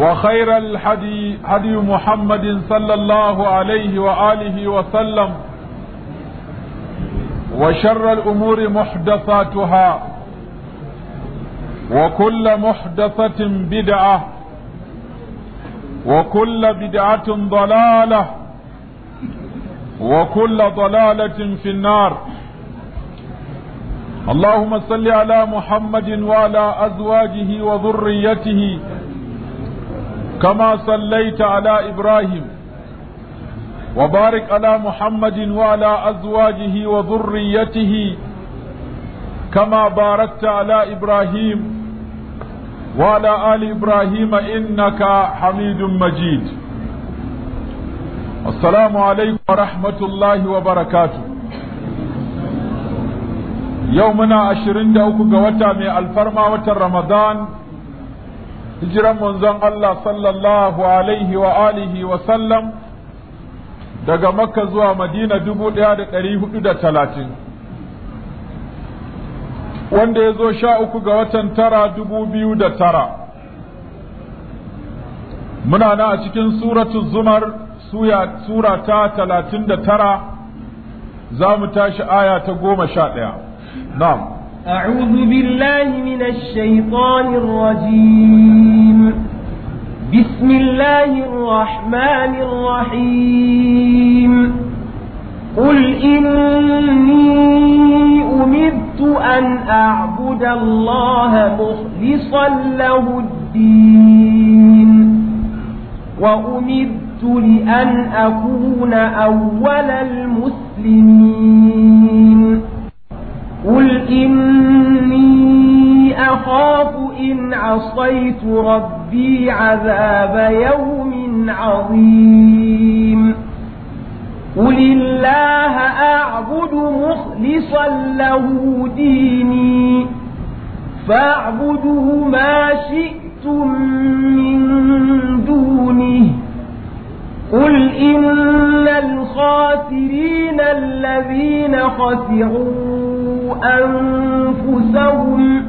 وخير الحدي هدي محمد صلى الله عليه وآله وسلم وشر الأمور محدثاتها وكل محدثة بدعة وكل بدعة ضلالة وكل ضلالة في النار اللهم صل على محمد وعلى أزواجه وذريته كما صليت على إبراهيم وبارك على محمد وعلى أزواجه وذريته كما باركت على إبراهيم وعلى آل إبراهيم إنك حميد مجيد السلام عليكم ورحمة الله وبركاته يومنا عشرين دوك قوتا من الفرما وتر رمضان hijiran manzon Allah sallallahu alaihi wa alihi wa sallam daga makka zuwa madina dubu ɗaya da ɗari hudu da talatin wanda ya zo sha uku ga watan tara dubu biyu da tara muna na a cikin suratu zumar sura ta talatin da tara za mu tashi aya ta goma sha ɗaya na'am أعوذ بالله من الشيطان الرجيم بسم الله الرحمن الرحيم قل إني أمرت أن أعبد الله مخلصا له الدين وأمرت لأن أكون أول المسلمين قل إني أخاف إن عصيت ربي عذاب يوم عظيم قل الله أعبد مخلصا له ديني فاعبده ما شئتم من دونه قل إن الخاسرين الذين خسروا أنفسهم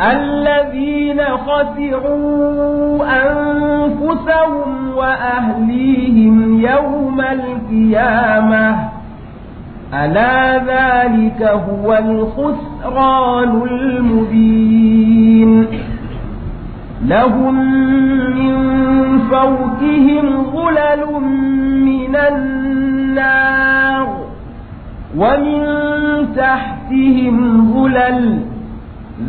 الذين خسروا أنفسهم وأهليهم يوم القيامة ألا ذلك هو الخسران المبين لهم من فوقهم غلل من النار ومن تحتهم غلل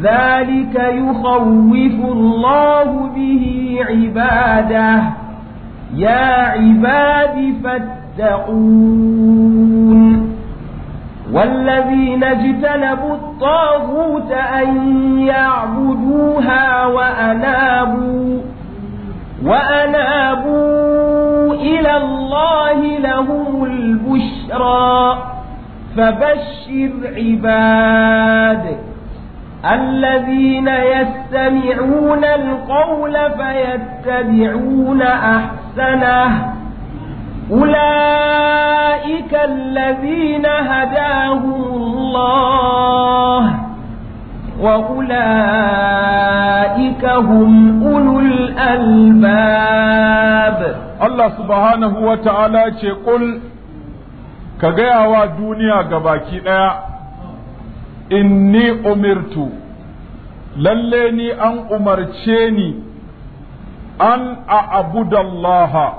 ذلك يخوف الله به عباده يا عباد فاتقون والذين اجتنبوا الطاغوت أن يعبدوها وأنابوا وأنابوا إلى الله لهم البشرى فبشر عباد الذين يستمعون القول فيتبعون أحسنه أولئك الذين هداهم الله وأولئك هم أولو الألباب الله سبحانه وتعالى يقول كجاوا دنيا جباكي inni umirtu lalle ni an umarce ni an a abudallaha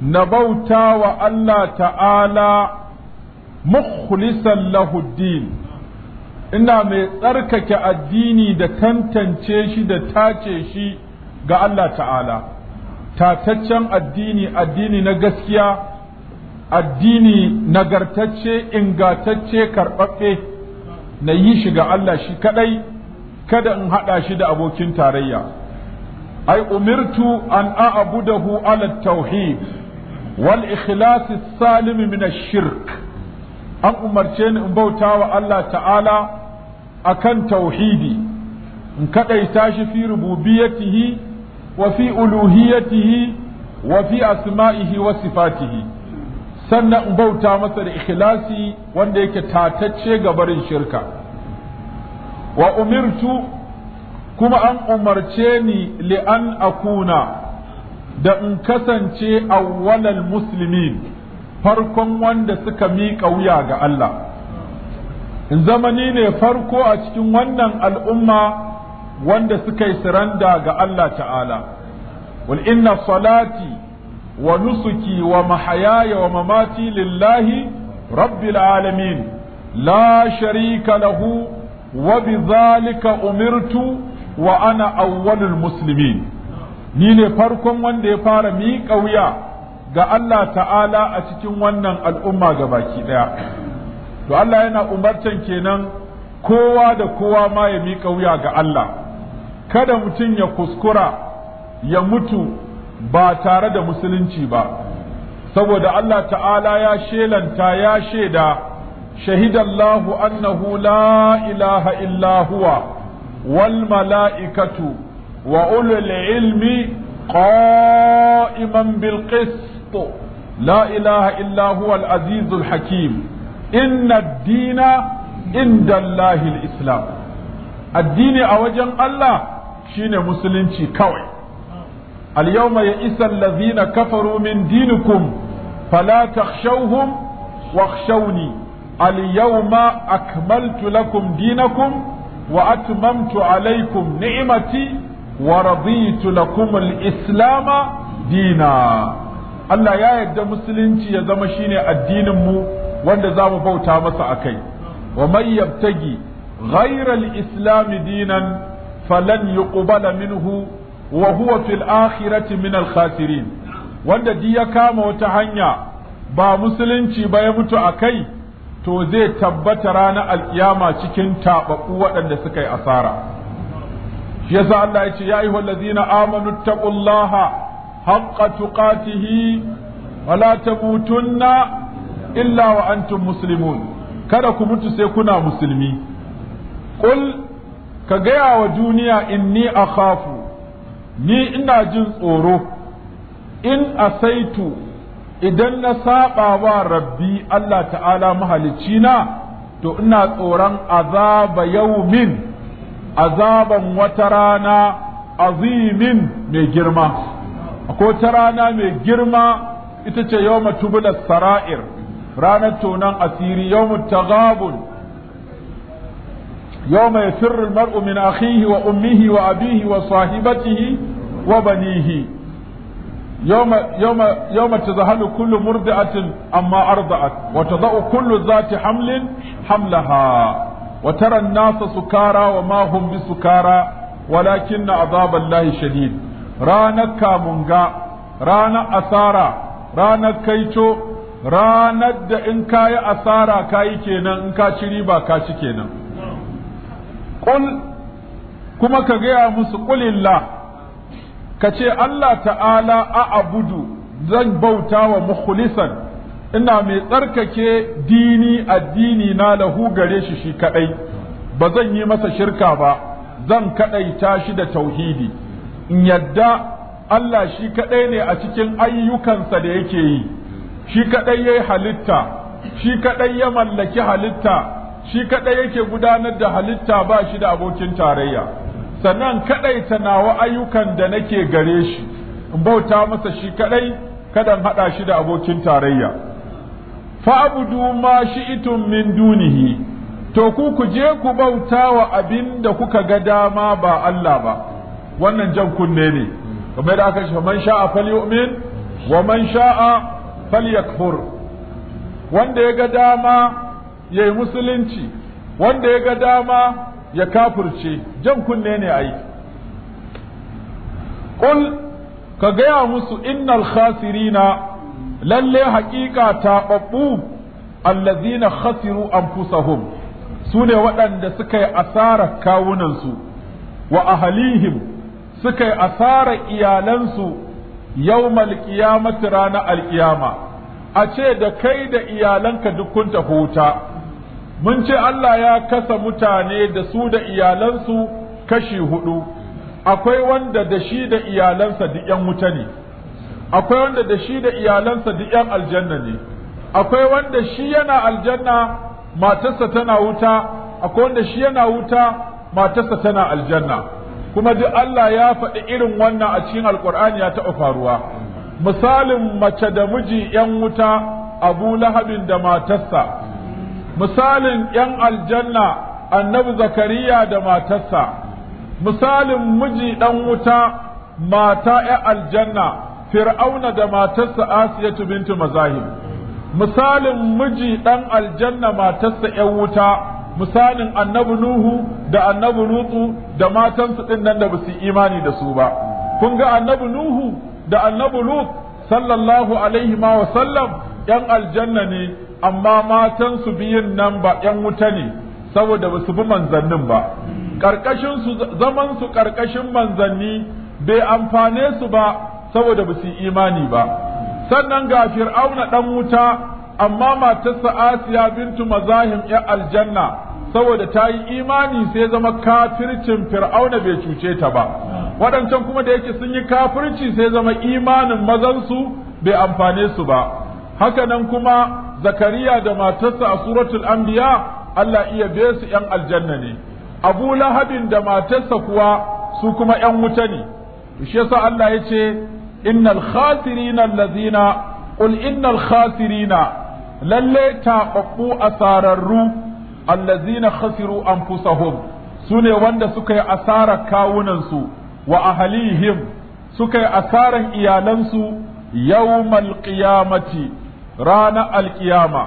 na bauta wa Allah ta'ala mukhlisan lahuddin ina mai tsarkake addini da tantance shi da tace shi ga Allah ta'ala tataccen addini addini na gaskiya addini nagartacce ingatacce karɓaɓɓe na yi shi ga Allah shi kaɗai kada in haɗa shi da abokin tarayya ai umirtu an a'budahu ala tauhid wal ikhlas salim min ash-shirk an umarce ni in bauta wa Allah ta'ala akan tauhidi in kadaita shi fi rububiyatihi wa fi uluhiyatihi wa fi asma'ihi wa sifatihi sannan in bauta masa da ikhlasi wanda yake tatacce ga barin shirka wa umirtu kuma an umarce ni li'an an akuna da in kasance awwalal muslimin farkon wanda suka miƙa wuya ga Allah in zamani ne farko a cikin wannan al'umma wanda suka yi siranda ga Allah ta'ala wal inna salati wa nusuki wa mahayaya wa mamati lillahi rabbil alamin la sharika lahu wa bi zalika umirtu wa ana awwalul muslimin ni ne farkon wanda ya fara miƙa wuya ga Allah ta'ala a cikin wannan al'umma ga baki ɗaya to Allah yana umartan kenan kowa da kowa ma ya miƙa wuya ga Allah kada mutum ya kuskura ya mutu ba tare da musulunci ba saboda Allah ta'ala ya shelanta ya shaida shahidallahu annahu la ilaha illa huwa wal mala'ikatu وأولو العلم قائما بالقسط لا إله إلا هو العزيز الحكيم إن الدين عند الله الإسلام الدين أوجن الله شين مسلم كوي اليوم يئس الذين كفروا من دينكم فلا تخشوهم واخشوني اليوم أكملت لكم دينكم وأتممت عليكم نعمتي wa raditu lakum al dina Allah ya yarda musulunci ya zama shine addinin mu wanda za mu bauta masa akai wa man yabtagi ghayra al-islam dinan falan yuqbala minhu wa huwa fil akhirati min al wanda di ya kama wata hanya ba musulunci ba ya mutu akai to zai tabbata ranar alkiyama cikin taɓaɓɓu waɗanda suka yi asara yasa Allah ya ce ya ayyuhal ladzina amanu taqullaha haqqa tuqatihi wala la tamutunna illa wa antum muslimun kada ku mutu sai kuna musulmi qul ka gaya wa duniya inni akhafu ni ina jin tsoro in asaitu idan na saba wa rabbi Allah ta'ala mahalicci na to ina tsoron azaba min. azaban wata rana azimin mai girma akwai wata rana mai girma ita ce yawma tubula sara'ir ranar tonan asiri yawma tagabun yawma yafirru almar'u min akhihi wa ummihi wa abihi wa sahibatihi wa banihi يوم تذهل كل مرضعة أما أرضعت وتضع كل ذات حمل حملها وترى الناس سكارى وما هم بسكارى ولكن عذاب الله شديد ranar kamunga ranar asara ranar kaito ranar da in ka yi asara ka yi kenan in ka ci riba ka ci kenan kuma ka gaya musu ƙulillah ka ce Allah ta'ala a abudu zan bauta wa mukhlisan ina mai tsarkake dini addini na lahu gare shi shi kaɗai. ba zan yi masa shirka ba zan kaɗaita shi da tauhidi in yadda Allah shi kaɗai ne a cikin ayyukansa da yake yi shi kadai yayi halitta shi kaɗai ya mallaki halitta shi kadai yake gudanar da halitta ba shi da abokin tarayya sannan ta nawa ayyukan da nake gare shi in bauta masa shi kadai kada haɗa shi da abokin tarayya fa'budu ma shi'tum min dunihi to ku ku je ku bauta wa abin da kuka ga dama ba Allah ba wannan jan kunne ne kuma da aka ce man sha'a falyu'min wa man sha'a falyakfur wanda ya ga dama ya yi musulunci wanda ya ga dama ya kafirce jan kunne ne ai qul ka gaya musu innal khasirina lalle haƙiƙa babbu allazina khasiru anfusahum su ne waɗanda suka yi asarar kawunansu wa ahalihim suka yi asarar iyalansu yawmal qiyamati rana alqiyama a ce da kai da iyalanka duk kun tafi wuta mun ce Allah ya kasa mutane da su da iyalansu kashi hudu akwai wanda da shi da iyalansa duk 'yan wuta ne akwai wanda da shi da iyalansa duk yan aljanna ne akwai wanda shi yana aljanna matarsa tana wuta akwai wanda shi yana wuta matarsa tana aljanna kuma duk Allah ya faɗi irin wannan a cikin alkur'ani ya taɓa faruwa misalin mace da miji yan wuta abu lahabin da matarsa misalin yan aljanna annabi zakariya da matarsa misalin miji ɗan wuta mata yan aljanna fir'auna da matarsa asiyatu bintu Mazahim, misalin miji ɗan aljanna matarsa yan wuta misalin annabi nuhu da annabi lutsu da matansu ɗin nan da basu imani da su ba kun ga annabi nuhu da annabi lut sallallahu alaihi wa sallam yan aljanna ne amma matansu biyun nan ba yan wuta ne saboda basu bi manzannin ba karkashin su zaman su karkashin manzanni bai amfane su ba saboda ba su imani ba sannan ga fir'auna dan wuta amma matarsa asiya bintu mazahim ya aljanna saboda ta yi imani sai zama kafircin fir'auna bai cuce ta ba waɗancan kuma da yake sun yi kafirci sai zama imanin mazansu bai amfane su ba haka nan kuma zakariya da matarsa a suratul anbiya Allah iya be su ‘yan aljanna ne, Abu Lahabin da matarsa kuwa su kuma ‘yan wuta ne, shi yasa Allah ya ce, innal khasirina allazina qul innal khasirina lalle taɓaɓɓu asararru allazina khasiru anfusahum sune wanda suka yi asarar kawunansu wa ahalihim suka yi asarar iyalansu yawmal qiyamati rana alkiyama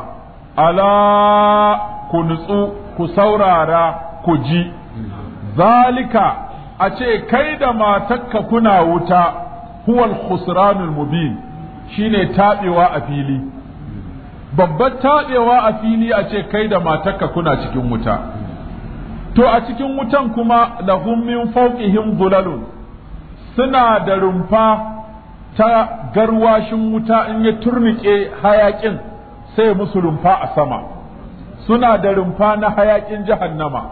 ala ku nutsu ku saurara ku ji zalika a ce kai da matakka kuna wuta huwa al-khusranul mubin shine tabewa a fili babbar tabewa a fili a ce kai da matarka kuna cikin wuta to a cikin wutan kuma lahum min fawqihim dhulalun suna da rumfa ta garwashin wuta in ya turnike hayakin sai musu rumfa a sama suna da rumfa na hayakin jahannama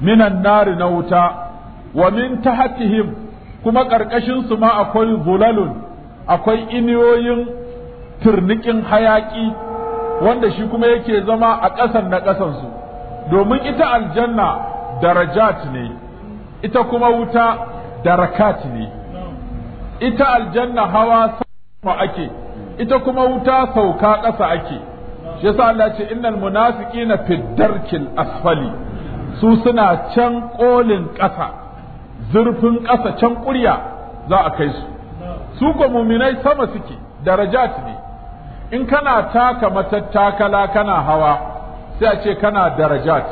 minan nari na wuta wa min tahtihim kuma ƙarƙashin su ma akwai zulalun akwai iniyoyin turnikin hayaƙi wanda shi kuma yake zama a ƙasan na ƙasansu domin ita aljanna darajat ne ita kuma wuta darakat ne ita aljanna hawa sama ake ita kuma wuta sauka ƙasa ake shi yasa Allah ce innal munafiqina fi darkil asfali su suna can kolin ƙasa zurfin ƙasa can ƙurya za a kai su su ko muminai sama suke darajat ne in kana taka matattakala kana hawa sai a ce kana darajat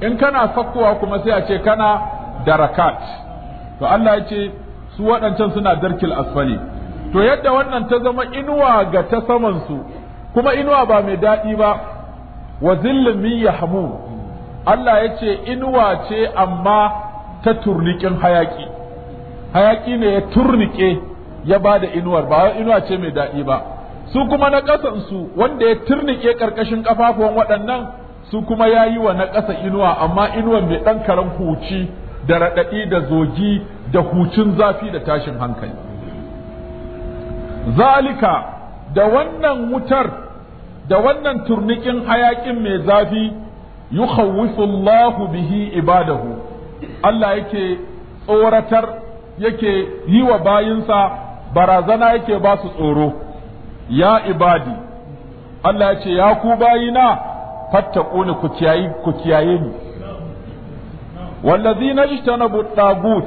in kana sakkowa kuma sai a ce kana darakat to Allah ya ce su waɗancan suna darkil asfali to yadda wannan ta zama inuwa ga ta saman su kuma inuwa ba mai daɗi ba wa zillin min yahmu Allah ya ce inuwa ce amma ta turnikin hayaki hayaki ne ya turnike ya ba da inuwar ba inuwa ce mai daɗi ba su kuma na ƙasansu wanda ya turnike ƙarƙashin ƙafafuwan waɗannan su kuma ya yi wa na ƙasa inuwa amma inuwar mai ɗan karan huci da raɗaɗi da zogi da hucin zafi da tashin hankali zalika da wannan wutar da wannan turnikin hayaƙin mai zafi yukhawwifu Allahu bihi ibadahu Allah yake tsoratar yake yi wa bayinsa barazana yake ba su tsoro ya ibadi Allah ya ce ya ku bayina fattaquni ku kiyayi ku kiyaye ni wallazina ijtanabu tagut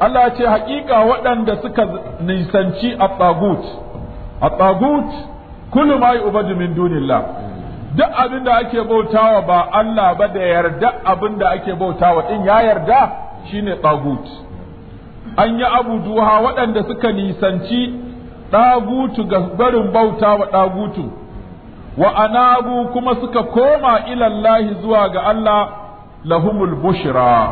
Allah ya ce hakika waɗanda suka nisanci a tagut kullum tagut kullu ma yu'badu min dunillah duk abin da ake bautawa ba Allah ba da yarda abin da ake bautawa din ya yarda shine tagut an yi abuduha waɗanda suka nisanci ɗagutu ga barin bautawa ɗagutu wa anabu kuma suka koma ilallahi zuwa ga Allah lahumul bushra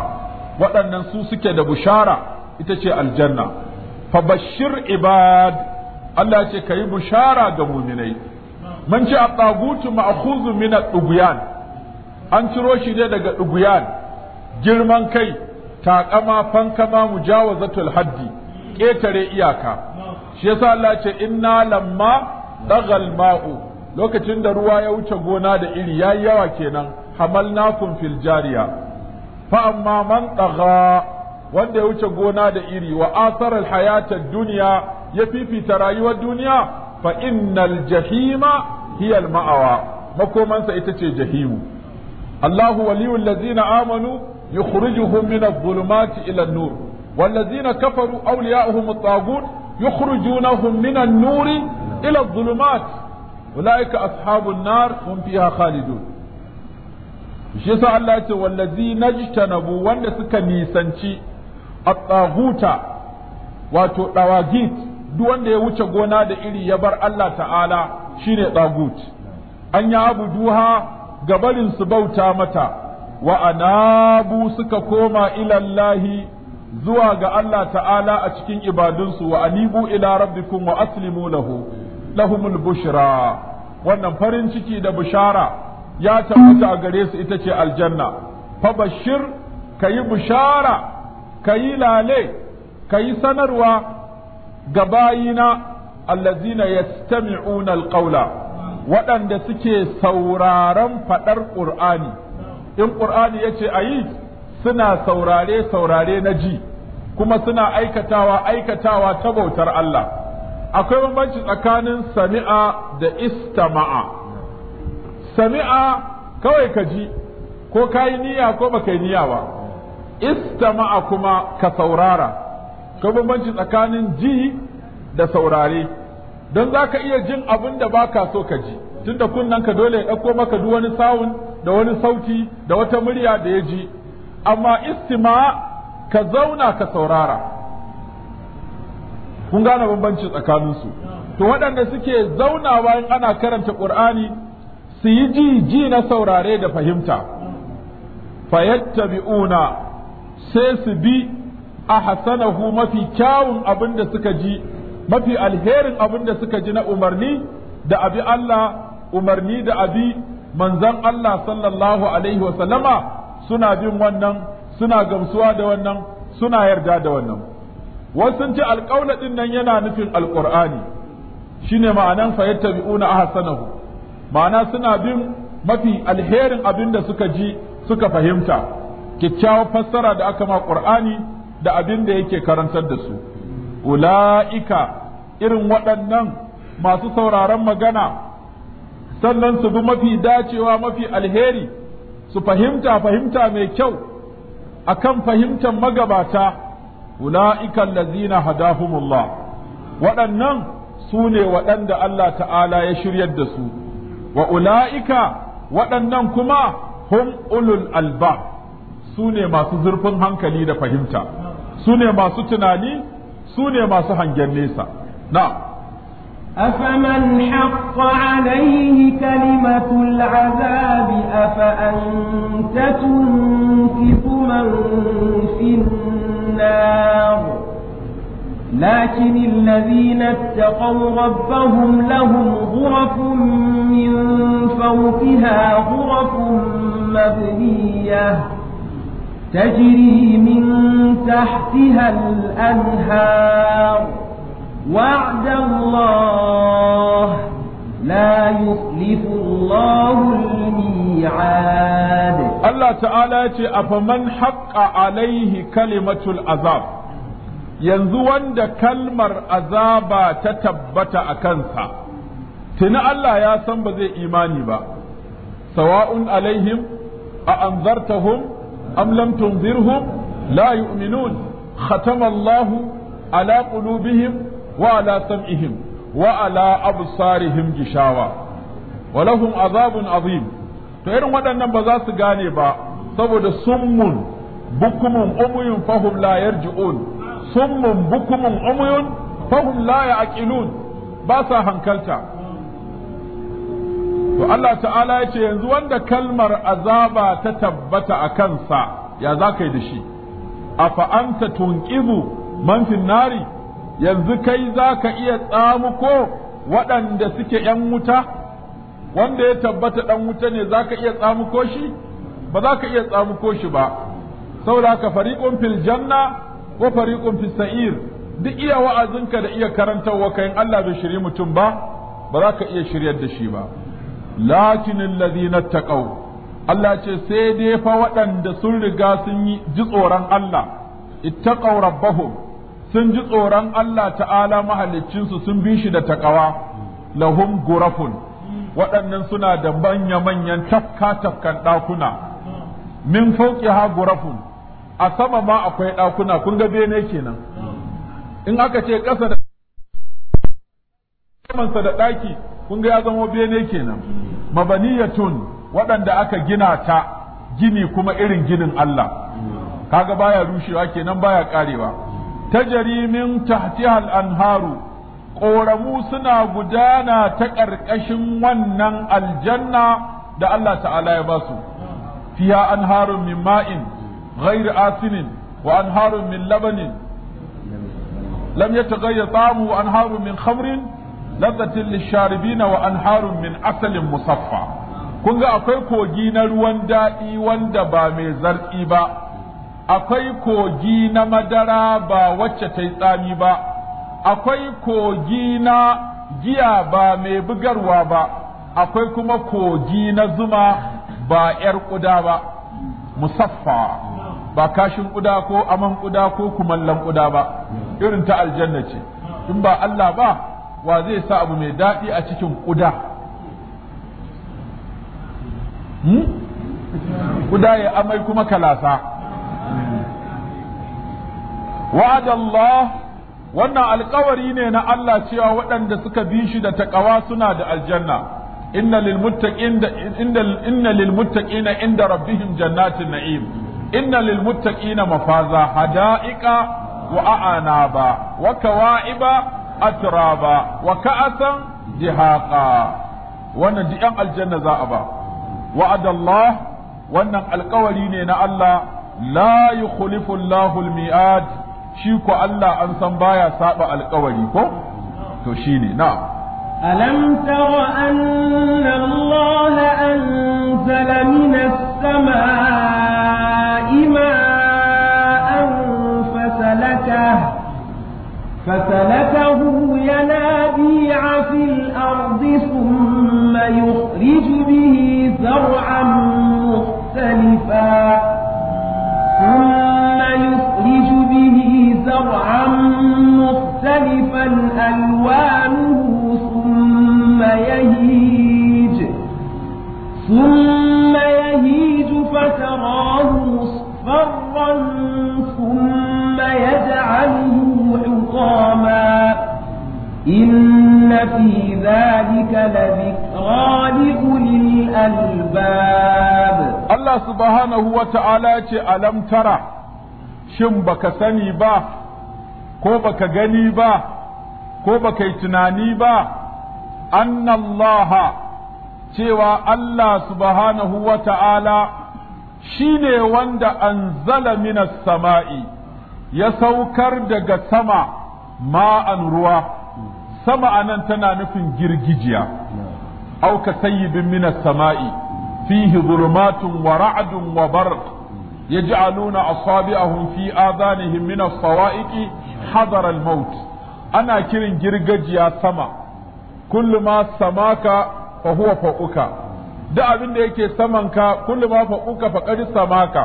waɗannan su suke da bushara ita ce aljanna fa bashir ibad Allah ce ka bushara ga muminai mun ce at-tagutu ma'khudhu min at an ciro shi ne daga ɗuguyan girman kai taƙama fankama mujawazatul haddi ƙetare iyaka shi yasa Allah ce inna lamma dagal ma'u lokacin da ruwa ya wuce gona da iri yayi yawa kenan hamal hamalnakum fil jariya fa amma man tagha wanda ya wuce gona da iri wa athara al hayata duniya ya fifita rayuwar duniya fa innal jahima hiya al ma'awa makomansa ita ce jahimu Allahu waliyul ladzina amanu yukhrijuhum min adh-dhulumati ila an-nur wal ladzina kafaru awliya'uhum at-taghut yukhrijunahum min an-nuri ila adh-dhulumat ulaika ashabun nar hum fiha khalidun shi yasa Allah ce wallazi najtanabu wanda suka nisanci at-taghuta wato dawagit duk wanda ya wuce gona da iri ya bar Allah ta'ala shine tagut an ya abu duha gabarin su bauta mata wa anabu suka koma ilallahi zuwa ga Allah ta'ala a cikin ibadunsu wa anibu ila rabbikum wa aslimu lahu lahumul bushra wannan farin ciki da bushara ya tabbata a gare su ita ce aljanna fa bashir kayi bushara kayi lale kayi sanarwa ga bayina allazina yastami'una alqawla waɗanda suke sauraron faɗar ƙur'ani in ƙur'ani ya ce a yi suna saurare saurare na ji kuma suna aikatawa aikatawa ta bautar Allah akwai bambanci tsakanin sami'a da istama'a sami'a kawai ka ji ko ka yi niyya ko baka yi niyya ba istama'a kuma ka saurara akwai bambanci tsakanin ji da saurare don za ka iya jin abin da baka so ka ji tun da kunnen ka dole ya ɗauko maka duk wani sawun da wani sauti da wata murya da ya ji amma istima ka zauna ka saurara kun gane bambanci tsakaninsu to waɗanda suke zauna bayan ana karanta ƙur'ani su yi ji ji na saurare da fahimta bi'una sai su bi ahsanahu mafi kyawun abin da suka ji mafi alherin abin da suka ji na umarni da abi Allah umarni da abi manzan Allah sallallahu alaihi wa suna bin wannan suna gamsuwa da wannan suna yarda da wannan wasu ci alƙawla ɗinnan nan yana nufin alƙur'ani shine ma'anan yattabi'una ahsanahu ma'ana suna bin mafi alherin abin da suka ji suka fahimta kyakkyawar fassara da aka ma ƙur'ani da abin da yake karantar da su ula'ika irin waɗannan masu sauraron magana sannan su bi mafi dacewa mafi alheri su fahimta fahimta mai kyau akan fahimtar magabata ula'ika lazina hadahumullah waɗannan su ne waɗanda Allah ta'ala ya shiryar da su wa ula'ika waɗannan kuma hum ulul alba su ne masu zurfin hankali da fahimta su ne masu tunani su ne masu hangen nesa na'am أفمن حق عليه كلمة العذاب أفأنت تنكف من في النار لكن الذين اتقوا ربهم لهم غرف من فوقها غرف مبنيه تجري من تحتها الأنهار وعد الله لا يخلف الله الميعاد الله تعالى أفمن حق عليه كلمة العذاب yanzu wanda kalmar azaba ta tabbata a kansa tuni Allah ya san ba zai imani ba sawa'un alaihim a anzartahum am lam tunzirhum la yu'minun khatama Allah ala qulubihim wa ala sam'ihim wa ala gishawa wa azabun azim to irin waɗannan ba za su gane ba saboda summun bukumun umuyun fahum la yarji'un summun bukumun umuyun fahum la ya'qilun ba sa hankalta to Allah ta'ala ya ce yanzu wanda kalmar azaba ta tabbata a kansa ya za ka yi da shi a fa'anta tunƙizu manfin nari yanzu kai za ka iya tsamuko waɗanda suke ‘yan wuta wanda ya tabbata ɗan wuta ne za ka iya tsamuko shi ba za ka iya tsamuko shi ba saboda ka fariƙun fil janna ko fariƙun fil sa'ir duk iya wa'azinka da iya karantarwa kayan Allah bai shiri mutum ba ba za ka iya shiryar da shi ba lakin alladhina taqaw Allah ce sai dai fa waɗanda sun riga sun yi ji tsoron Allah ittaqaw rabbahum sun ji tsoron Allah ta'ala mahaliccinsu sun bi shi da taƙawa, lahum gurafun waɗannan suna da manya manyan tafka tafkan ɗakuna min ha gurafun a sama ma akwai ɗakuna kun ga bene kenan in aka ce ƙasa da samansa da ɗaki kun ga ya zama bene kenan mabaniyatun waɗanda aka gina ta gini kuma irin ginin Allah kaga baya rushewa kenan baya karewa Ta min tahtiha al-anharu ƙoramu suna gudana ta ƙarƙashin wannan aljanna da Allah ta'ala ya ba su fiya anharun min ma'in غير آسن وأنهار من لبن لم يتغير طعمه anharun min khamrin. lazzatin lisharibina wa anharun min asalin musaffa kun ga akwai kogi na ruwan daɗi wanda ba mai zartsi ba akwai kogi na madara ba wacce ta yi tsami ba akwai kogi na giya ba mai bugarwa ba akwai kuma kogi na zuma ba 'yar ƙuda ba musaffa ba kashin ƙuda ko aman ƙuda ko kumallon ƙuda ba irin ta aljanna ce in ba Allah ba wa zai sa abu mai daɗi a cikin ƙuda hmm? ƙuda ya amai kuma kalasa wa'adallah wannan alkawari ne na Allah cewa waɗanda suka bi shi da taƙawa suna da aljanna inna lilmuttaqina inda rabbihim jannatin na'im inna lilmuttaqina mafaza hada'iqa wa a'anaba wa kawa'iba atraba wa ka'asan jihaqa wannan duk aljanna za a ba wa'adallah wannan alkawari ne na Allah la yukhlifu Allahu al-mi'ad shi ko Allah an san baya saɓa alkawari ko to shine na'am ألم تر أن الله أنزل من السماء ماء فسلكه ينابيع في الأرض ثم يخرج به زرعا مختلفا ثم يخرج به زرعا مختلفا ألوانه ثم يهيج ثم يهيج فتراه مصفرا خصاما إن في ذلك لذكرى لأولي الألباب الله سبحانه وتعالى ألم ترى shin baka sani ba ko baka gani ba ko baka yi tunani ba annallaha cewa Allah subhanahu ta'ala shi ne wanda anzala minas sama'i ya saukar daga sama ma'an ruwa sama anan tana nufin girgijiya auka sayyibin mina sama'i fihi zulmatun wa ra'dun wa barq yaj'aluna asabi'ahum fi adanihim min as-sawa'iqi hadara al-maut ana kirin girgajiya sama kullu ma samaka fa huwa fa'uka duk abin da yake samanka kullu ma fa'uka fa qad samaka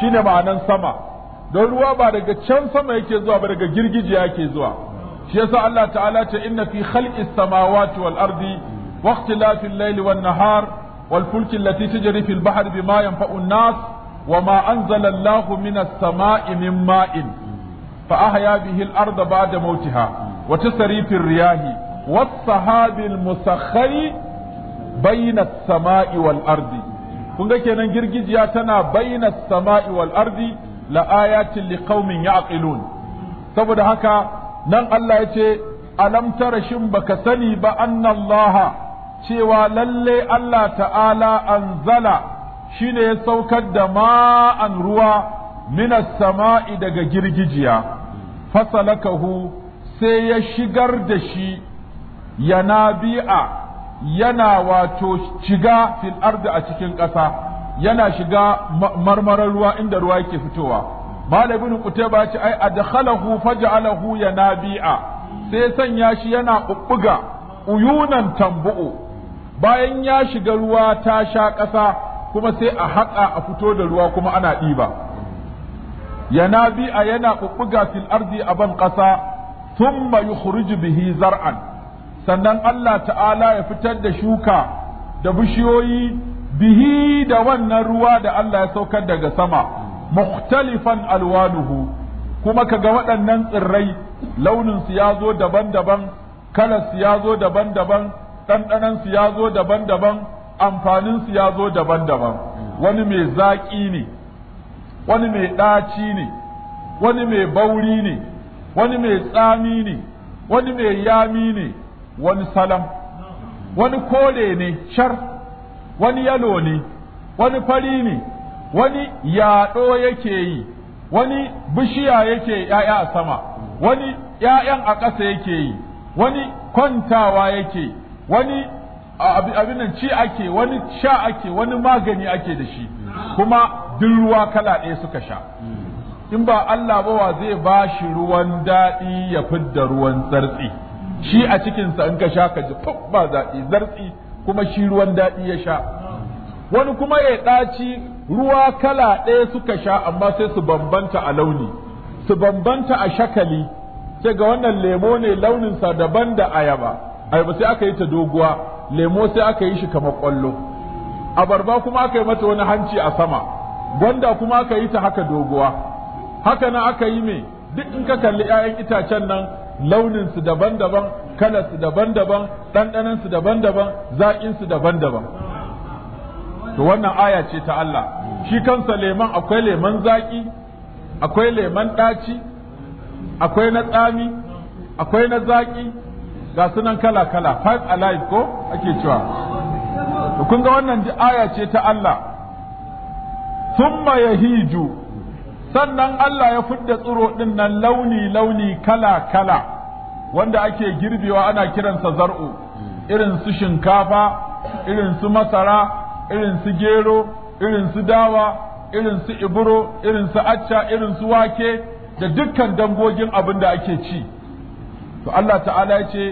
shine ma'anan sama don ruwa ba daga can sama yake zuwa ba daga girgijiya yake zuwa shi yasa Allah ta'ala ta inna fi khalqis samawati wal ardi wa ikhtilafil layli wan nahar wal fulki allati tajri fil bahri bima yanfa'u an-nas wa ma anzala Allahu minas sama'i min ma'in fa ahya bihi al-arda ba'da mawtiha wa tasrifir riyahi was sahabil musakhkhari bayna as-sama'i wal ardi kun ga kenan girgijiya tana bayna samai wal ardi la'ayatin liqaumin ya'qilun saboda haka nan Allah yace alam tara baka sani ba annallaha cewa lalle Allah ta'ala anzala shine ya saukar da ma'an ruwa minas sama'i daga girgijiya fasalakahu sai ya shigar da shi yana bi'a yana wato shiga fil a cikin ƙasa yana shiga marmarar ruwa inda ruwa yake fitowa malam ibn qutayba ce ai adkhalahu faj'alahu yanabi'a sai sanya shi yana bubbuga uyunan tambu'u bayan ya shiga ruwa ta sha ƙasa kuma sai a haƙa a fito da ruwa kuma ana ɗiba yanabi'a yana bubbuga fil ardi aban ƙasa thumma yukhriju bihi zar'an sannan Allah ta'ala ya fitar da shuka da bishiyoyi bihi da wannan ruwa da Allah ya saukar daga sama mukhtalifan alwanuhu kuma kaga waɗannan tsirrai launin su yazo daban-daban kalarsu ya zo daban-daban ɗanɗanansu ya zo daban-daban amfaninsu ya zo daban-daban wani mai zaƙi ne wani mai ɗaci ne wani mai bauri ne wani mai tsami ne wani mai yami ne wani salam wani kore ne shar wani yalo ne wani fari ne wani yaɗo yake yi wani bishiya yake ‘ya'ya a sama wani ‘ya'yan a ƙasa yake yi wani kwantawa yake wani abin nan ci ake wani sha ake wani magani ake da shi kuma duk ruwa kala ɗaya suka sha in ba Allah ba wa zai ba shi ruwan daɗi ya fidda ruwan zartsi shi a cikinsa in ka sha ka ji ba daɗi zartsi kuma shi ruwan daɗi ya sha wani kuma ya ɗaci ruwa kala ɗaya suka sha amma sai su bambanta a launi su bambanta a shakali sai ga wannan lemo ne launinsa daban da ayaba ayaba sai aka yi ta doguwa lemo sai aka yi shi kamar kwallo abarba kuma aka yi mata wani hanci a sama gwanda kuma aka yi ta haka doguwa haka na aka yi me duk in ka kalli 'ya'yan itacen nan launin su daban-daban kalar su daban-daban ɗanɗanan su daban-daban zaƙin su daban-daban to wannan aya ce ta Allah shi kansa leman akwai leman zaƙi akwai leman ɗaci akwai na tsami akwai na zaƙi ga sunan kala-kala five alive ko ake cewa kun ga wannan aya ce ta Allah thumma yahiju sannan Allah ya fidda tsiro ɗin nan launi-launi kala-kala wanda ake girbewa ana kiransa zar'u irin su shinkafa irin su masara irin su gero irin su dawa irin su iburo irin su acca irin su wake da dukkan dangogin abin da ake ci to Allah ta'ala ya ce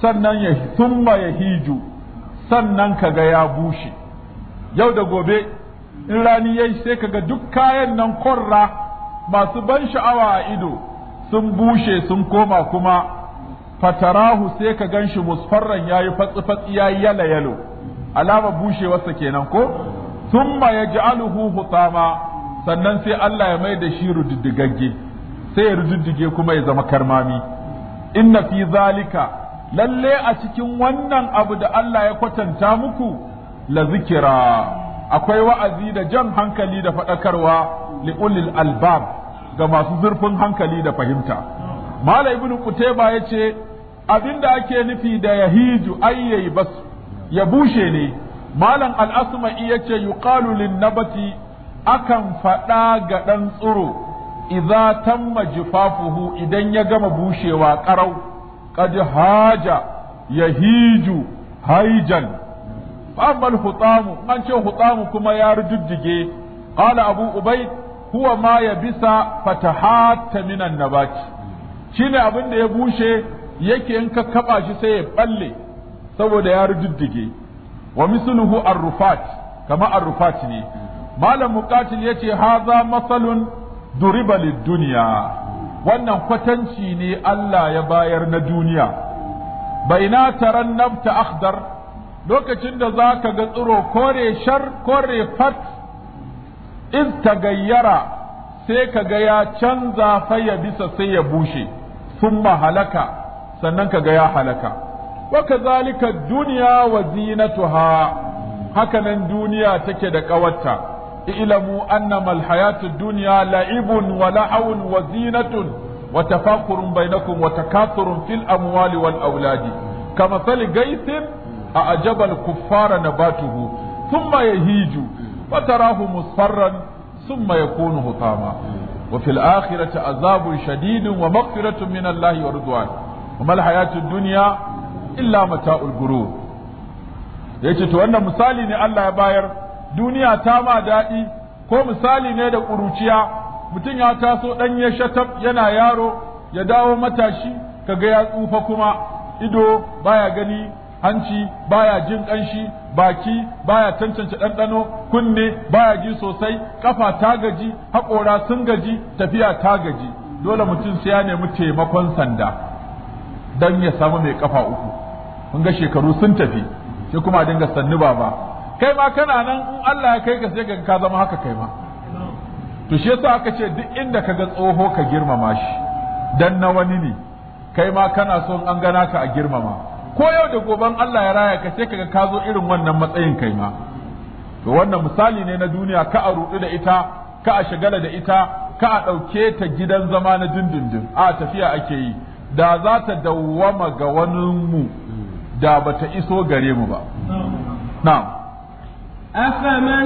sannan ya summa ya hiju sannan kaga ya bushe yau da gobe in rani ya yi sai kaga duk kayan nan korra masu ban sha'awa a ido sun bushe sun koma kuma fatarahu sai ka gan shi musfarran ya yi fatsi-fatsi ya yi yala yalo alama bushe bushewarsa kenan ko sun ma ya ja'aluhu hutama sannan sai Allah ya mai da shi rududdigagge sai ya rududdige kuma ya zama karmami inna fi zalika lalle a cikin wannan abu da Allah ya kwatanta muku la zikira akwai wa'azi da jan hankali da faɗakarwa li'ulil albab ga masu zurfin hankali da fahimta mala ibn kuteba ya ce abinda ake nufi da yahiju ayyai bas ya bushe ne malam al'asma'i ya ce yuqalu lin nabati akan faɗa ga ɗan tsiro idza tamma jifafuhu idan ya gama bushewa ƙarau qad haja yahiju haijan amma hutamu an ce hutamu kuma ya rujujjige qala abu ubaid huwa ma ya yabisa fatahatta minan nabati shine abin da ya bushe yake in ka kaba shi sai ya balle saboda ya rujujjige wa misluhu arrufat kama arrufat ne malam muqatil yace haza masalun duriba duniya wannan kwatanci ne Allah ya bayar na duniya bai na taron nafta akhdar lokacin da za ka ga tsiro kore shar kore fat iz ta gayyara sai ka ga ya canza faya bisa sai ya bushe sun halaka sannan ka ga ya halaka waka zalika duniya wa zinatuha hakanan duniya take da ƙawarta ilamu annamal hayatu duniya la'ibun wa la'awun wa zinatun wa tafakkurun bainakum wa takathurun fil amwali wal auladi kama sali gaisin a ajabal kuffara nabatuhu thumma yahiju fatarahu musfarran thumma yakunu hutama wa fil akhirati azabun shadidun wa maghfiratun min Allah wa ridwan wa mal hayatud dunya illa mata'ul gurur yace to wannan misali ne Allah ya bayar duniya ta ma daɗi ko misali ne da ƙuruciya mutum ya taso ɗan ya shatab yana yaro ya dawo matashi ka ga ya tsufa kuma ido baya gani hanci baya jin ƙanshi baki baya tantance ɗanɗano kunne baya ji sosai ƙafa ta gaji haƙora sun gaji tafiya ta gaji dole mutum sai ya nemi taimakon sanda don ya samu mai ƙafa uku kun ga shekaru sun tafi sai kuma dinga sannu baba kai ma kana nan in Allah ya kai ka sai ka zama haka kai ma to shi yasa aka ce duk inda ka ga tsoho ka girmama shi dan na wani ne kai ma kana son an gana ka a girmama ko yau da goban Allah ya raya ka sai kaga ka zo irin wannan matsayin kai ma to wannan misali ne na duniya ka a rudu da ita ka a shagala da ita ka a ɗauke ta gidan zama na dindindin a tafiya ake yi da za ta dawwama ga mu, da ba ta iso gare mu ba na'am أفمن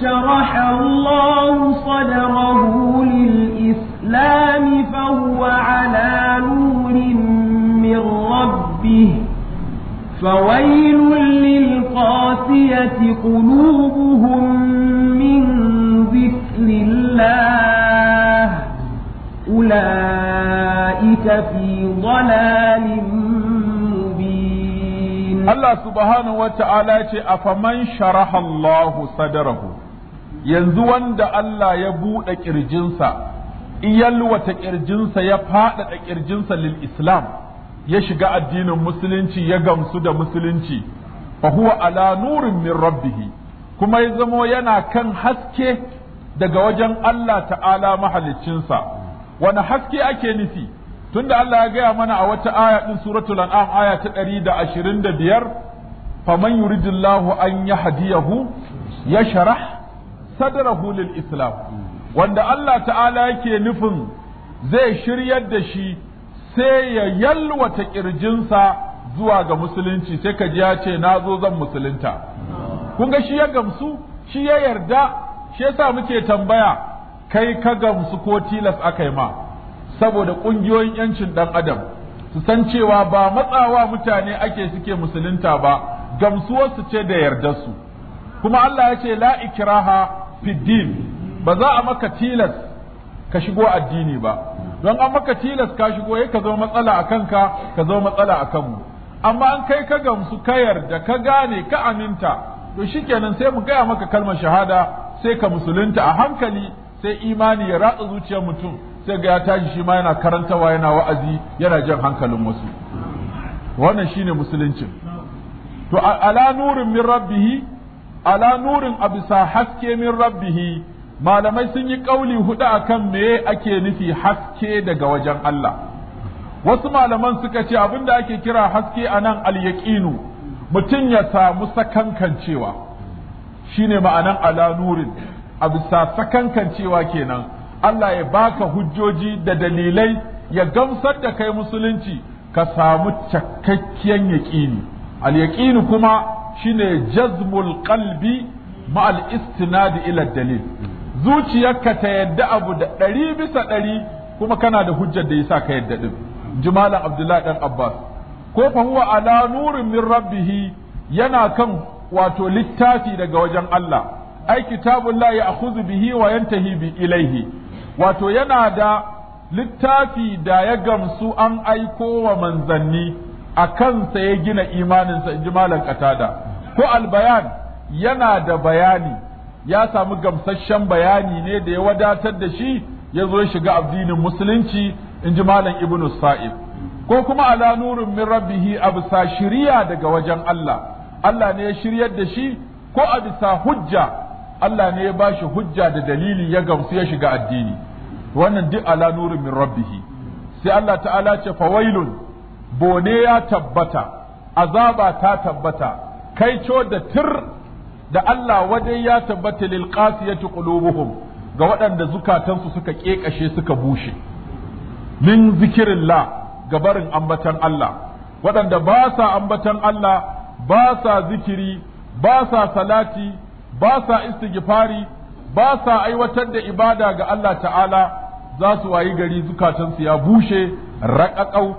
شرح الله صدره للإسلام فهو على نور من ربه فويل للقاسية قلوبهم من ذكر الله أولئك في ضلال مبين الله سبحانه وتعالى أفمن شرح الله صدره yanzu wanda Allah ya buɗe ƙirjinsa, iyalwata ƙirjinsa ya faɗaɗa ƙirjinsa lil Islam. ya shiga addinin musulunci ya gamsu da musulunci fa huwa ala nurin min rabbih kuma ya zamo yana kan haske daga wajen Allah ta'ala mahaliccinsa wani haske ake nufi tunda Allah ya gaya mana a wata aya din suratul an'am aya ta 125 faman yuridillahu an yahdiyahu yashrah sadrahu lil islam wanda Allah ta'ala yake nufin zai shiryar da shi sai ya yalwata ƙirjinsa zuwa ga musulunci sai ka ji ya ce na zo zan musulunta kun ga shi ya gamsu shi ya yarda shi yasa muke tambaya kai ka gamsu ko tilas aka yi ma saboda ƙungiyoyin yancin ɗan adam su san cewa ba matsawa mutane ake suke musulunta ba gamsuwarsu ce da su. kuma Allah ya ce la ikiraha fiddin ba za a maka tilas ka shigo addini ba don an maka tilas ka shigo ya ka zo matsala a kanka ka zo matsala a kanmu amma an kai ka gamsu kayar da ka gane ka aminta to shikenan sai mu gaya maka kalmar shahada sai ka musulunta a hankali sai imani ya ratsa zuciyar mutum sai ga ya tashi shi ma yana karantawa yana wa'azi yana jan hankalin wasu wannan shine musuluncin to ala nurin min rabbihi ala nurin abisa haske min rabbihi malamai sun yi kauli hudu kan me ake nufi haske daga wajen Allah wasu malaman suka ce abin da ake kira haske a nan al'yaƙinu, mutum ya samu sakankancewa shine ma'anan ala nurin a bisa sakankancewa kenan Allah ya baka hujjoji da dalilai ya gamsar da kai musulunci ka samu cakkakken yaƙini al kuma kuma shine jazmul ƙalbi ma al-istinadi ila dalil zuciyarka ta yadda abu da ɗari bisa ɗari kuma kana da hujjar da yasa ka yadda din jimalan abdullahi Ɗan abbas ko fa huwa ala nurin min rabbihi yana kan wato littafi daga wajen Allah ai kitabullahi ya'khudhu bihi wa yantahi bi ilaihi wato yana da littafi da ya gamsu an aiko wa manzanni a kansa ya gina imaninsa in ji malam katada ko albayan yana da bayani ya samu gamsasshen bayani ne da ya wadatar da shi ya zo shiga addinin musulunci in ji malam ibnu sa'id ko kuma ala nurin min rabbihi a shiriya daga wajen Allah Allah ne ya shiryar da shi ko a bisa hujja Allah ne ya ba shi hujja da dalili ya gamsu ya shiga addini wannan duk ala nurin min rabbihi sai Allah ta'ala ce fawailun bone ya tabbata azaba ta tabbata kai da tir da Allah wajen ya tabbata lil qasiyati qulubuhum ga waɗanda zukatansu suka kekashe suka bushe min zikirillah ga barin ambatan Allah waɗanda ba sa ambatan Allah ba sa zikiri ba sa salati ba sa istighfari ba sa aiwatar da ibada ga Allah ta'ala za su wayi gari zukatansu ya bushe raƙaƙau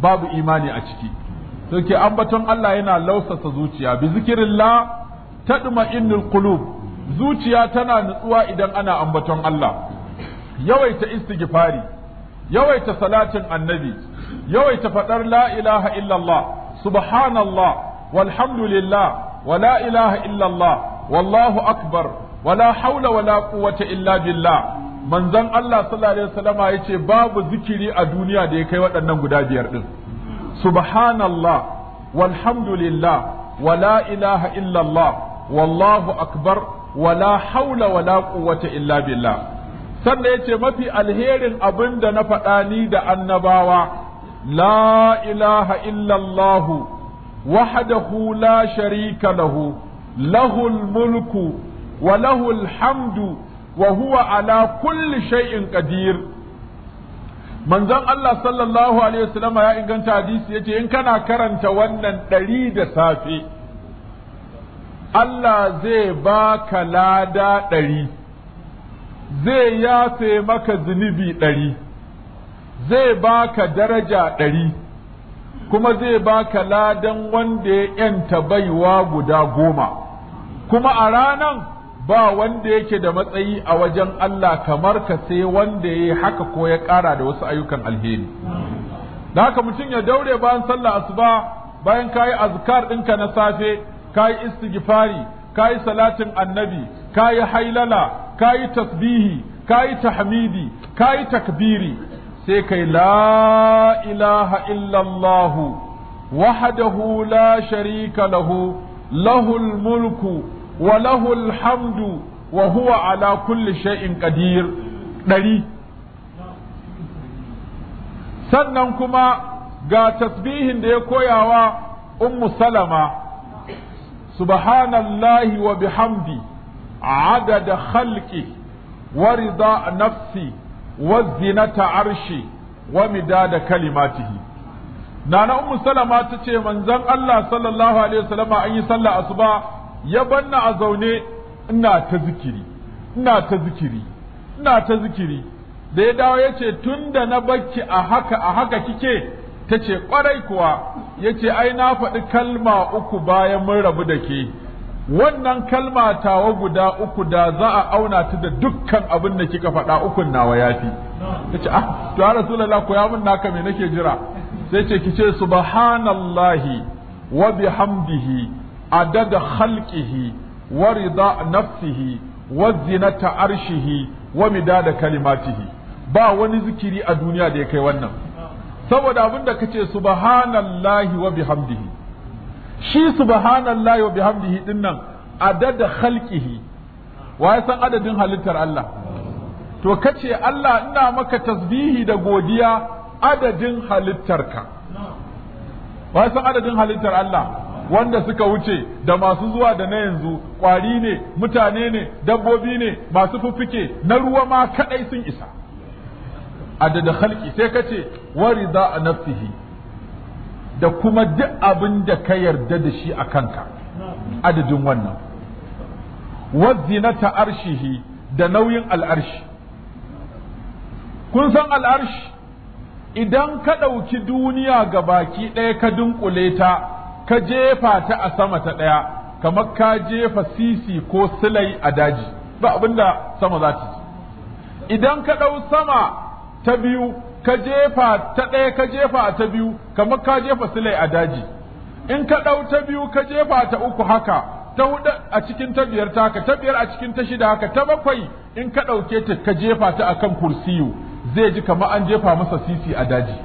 babu imani a ciki. Sauke ambaton Allah yana lausasa zuciya bi zikirillah tadma'innul qulub zuciya tana nutsuwa idan ana ambaton Allah yawaita istighfari yawaita salatin annabi yawaita faɗar la ilaha illallah subhanallah walhamdulillah la ilaha illallah wallahu akbar wala haula wala quwwata illa billah manzon Allah sallallahu alaihi wasallama yace babu zikiri a duniya da ya kai waɗannan guda biyar din subhanallah walhamdulillah la ilaha illallah wallahu akbar wala haula wala quwwata illa billah sannan yace mafi alherin abin da na faɗa ni da annabawa la ilaha illallahu wahdahu la sharika lahu lahul mulku wa lahul hamdu wa huwa ala kulli shay'in qadir manzon Allah sallallahu alaihi wasallam ya inganta hadisi yace in kana karanta wannan ɗari da safe Allah zai ba ka lada ɗari zai yafe maka zunubi ɗari zai baka daraja ɗari kuma zai baka ladan wanda ya ‘yanta baiwa guda goma kuma a ranan ba wanda yake da matsayi a wajen Allah kamar ka sai wanda ya haka ko ya ƙara da wasu ayyukan alheri da haka mutum ya daure bayan sallah asuba bayan kayi azkar ɗinka na safe ka yi istighfari ka yi salatin annabi ka yi hailala ka yi tasbihi ka yi tahmidi ka yi takbiri sai kai la ilaha illallah wahdahu la sharika lahu lahul mulku wa lahul hamdu wa huwa ala kulli shay'in qadir ɗari sannan kuma ga tasbihin da ya koyawa ummu salama subhanallahi wa bihamdi adada khalqi wa a nafsi wa zinata arshi wa midada kalimatihi nana ummu salama ta ce manzon Allah sallallahu alaihi wasallama an yi sallah asuba ya banna a zaune ina ta zikiri ina zikiri ina zikiri da ya dawo yace ce tun da na bakki a haka a haka kike ta kwarai kuwa yace ce ai na faɗi kalma uku bayan mun rabu da ke wannan kalma tawa guda uku da za a auna ta da dukkan abin da kika faɗa ukun nawa ya fi ta ah to ya rasulallah ko ya mun naka me nake jira sai ce ki ce subhanallahi wa bihamdihi adada khalqihi wa rida nafsihi wa zinata arshihi wa midada kalimatihi ba wani zikiri a duniya da ya kai wannan saboda abin da kace subhanallahi wa bihamdihi shi subhanallahi wa bihamdihi din nan adada khalqihi wa ya san adadin halittar Allah to kace Allah ina maka tasbihi da godiya adadin halittarka wa ya san adadin halittar Allah wanda suka wuce da masu zuwa da na yanzu kwari ne mutane ne dabbobi ne masu fuffuke na ruwa ma kadai sun isa adada halki sai ka ce warida a nafihi da kuma duk abin da ka yarda da shi a kanka adadin wannan wazinata arshihi da nauyin al'arshi kun san al'arshi idan ka ɗauki duniya ga baki ɗaya ka dunkule ta ka jefa ta a sama ta ɗaya kamar ka jefa sisi ko silai a daji ba abinda sama za ta ci idan ka ɗau sama ta biyu ka jefa ta ɗaya ka jefa ta biyu kamar ka jefa silai a daji in ka ɗau ta biyu ka jefa ta uku haka ta huɗu a cikin ta biyar ta haka ta biyar a cikin ta shida haka ta bakwai in ka ɗauke ta ka jefa ta a kan kursiyu zai ji kamar an jefa masa sisi a daji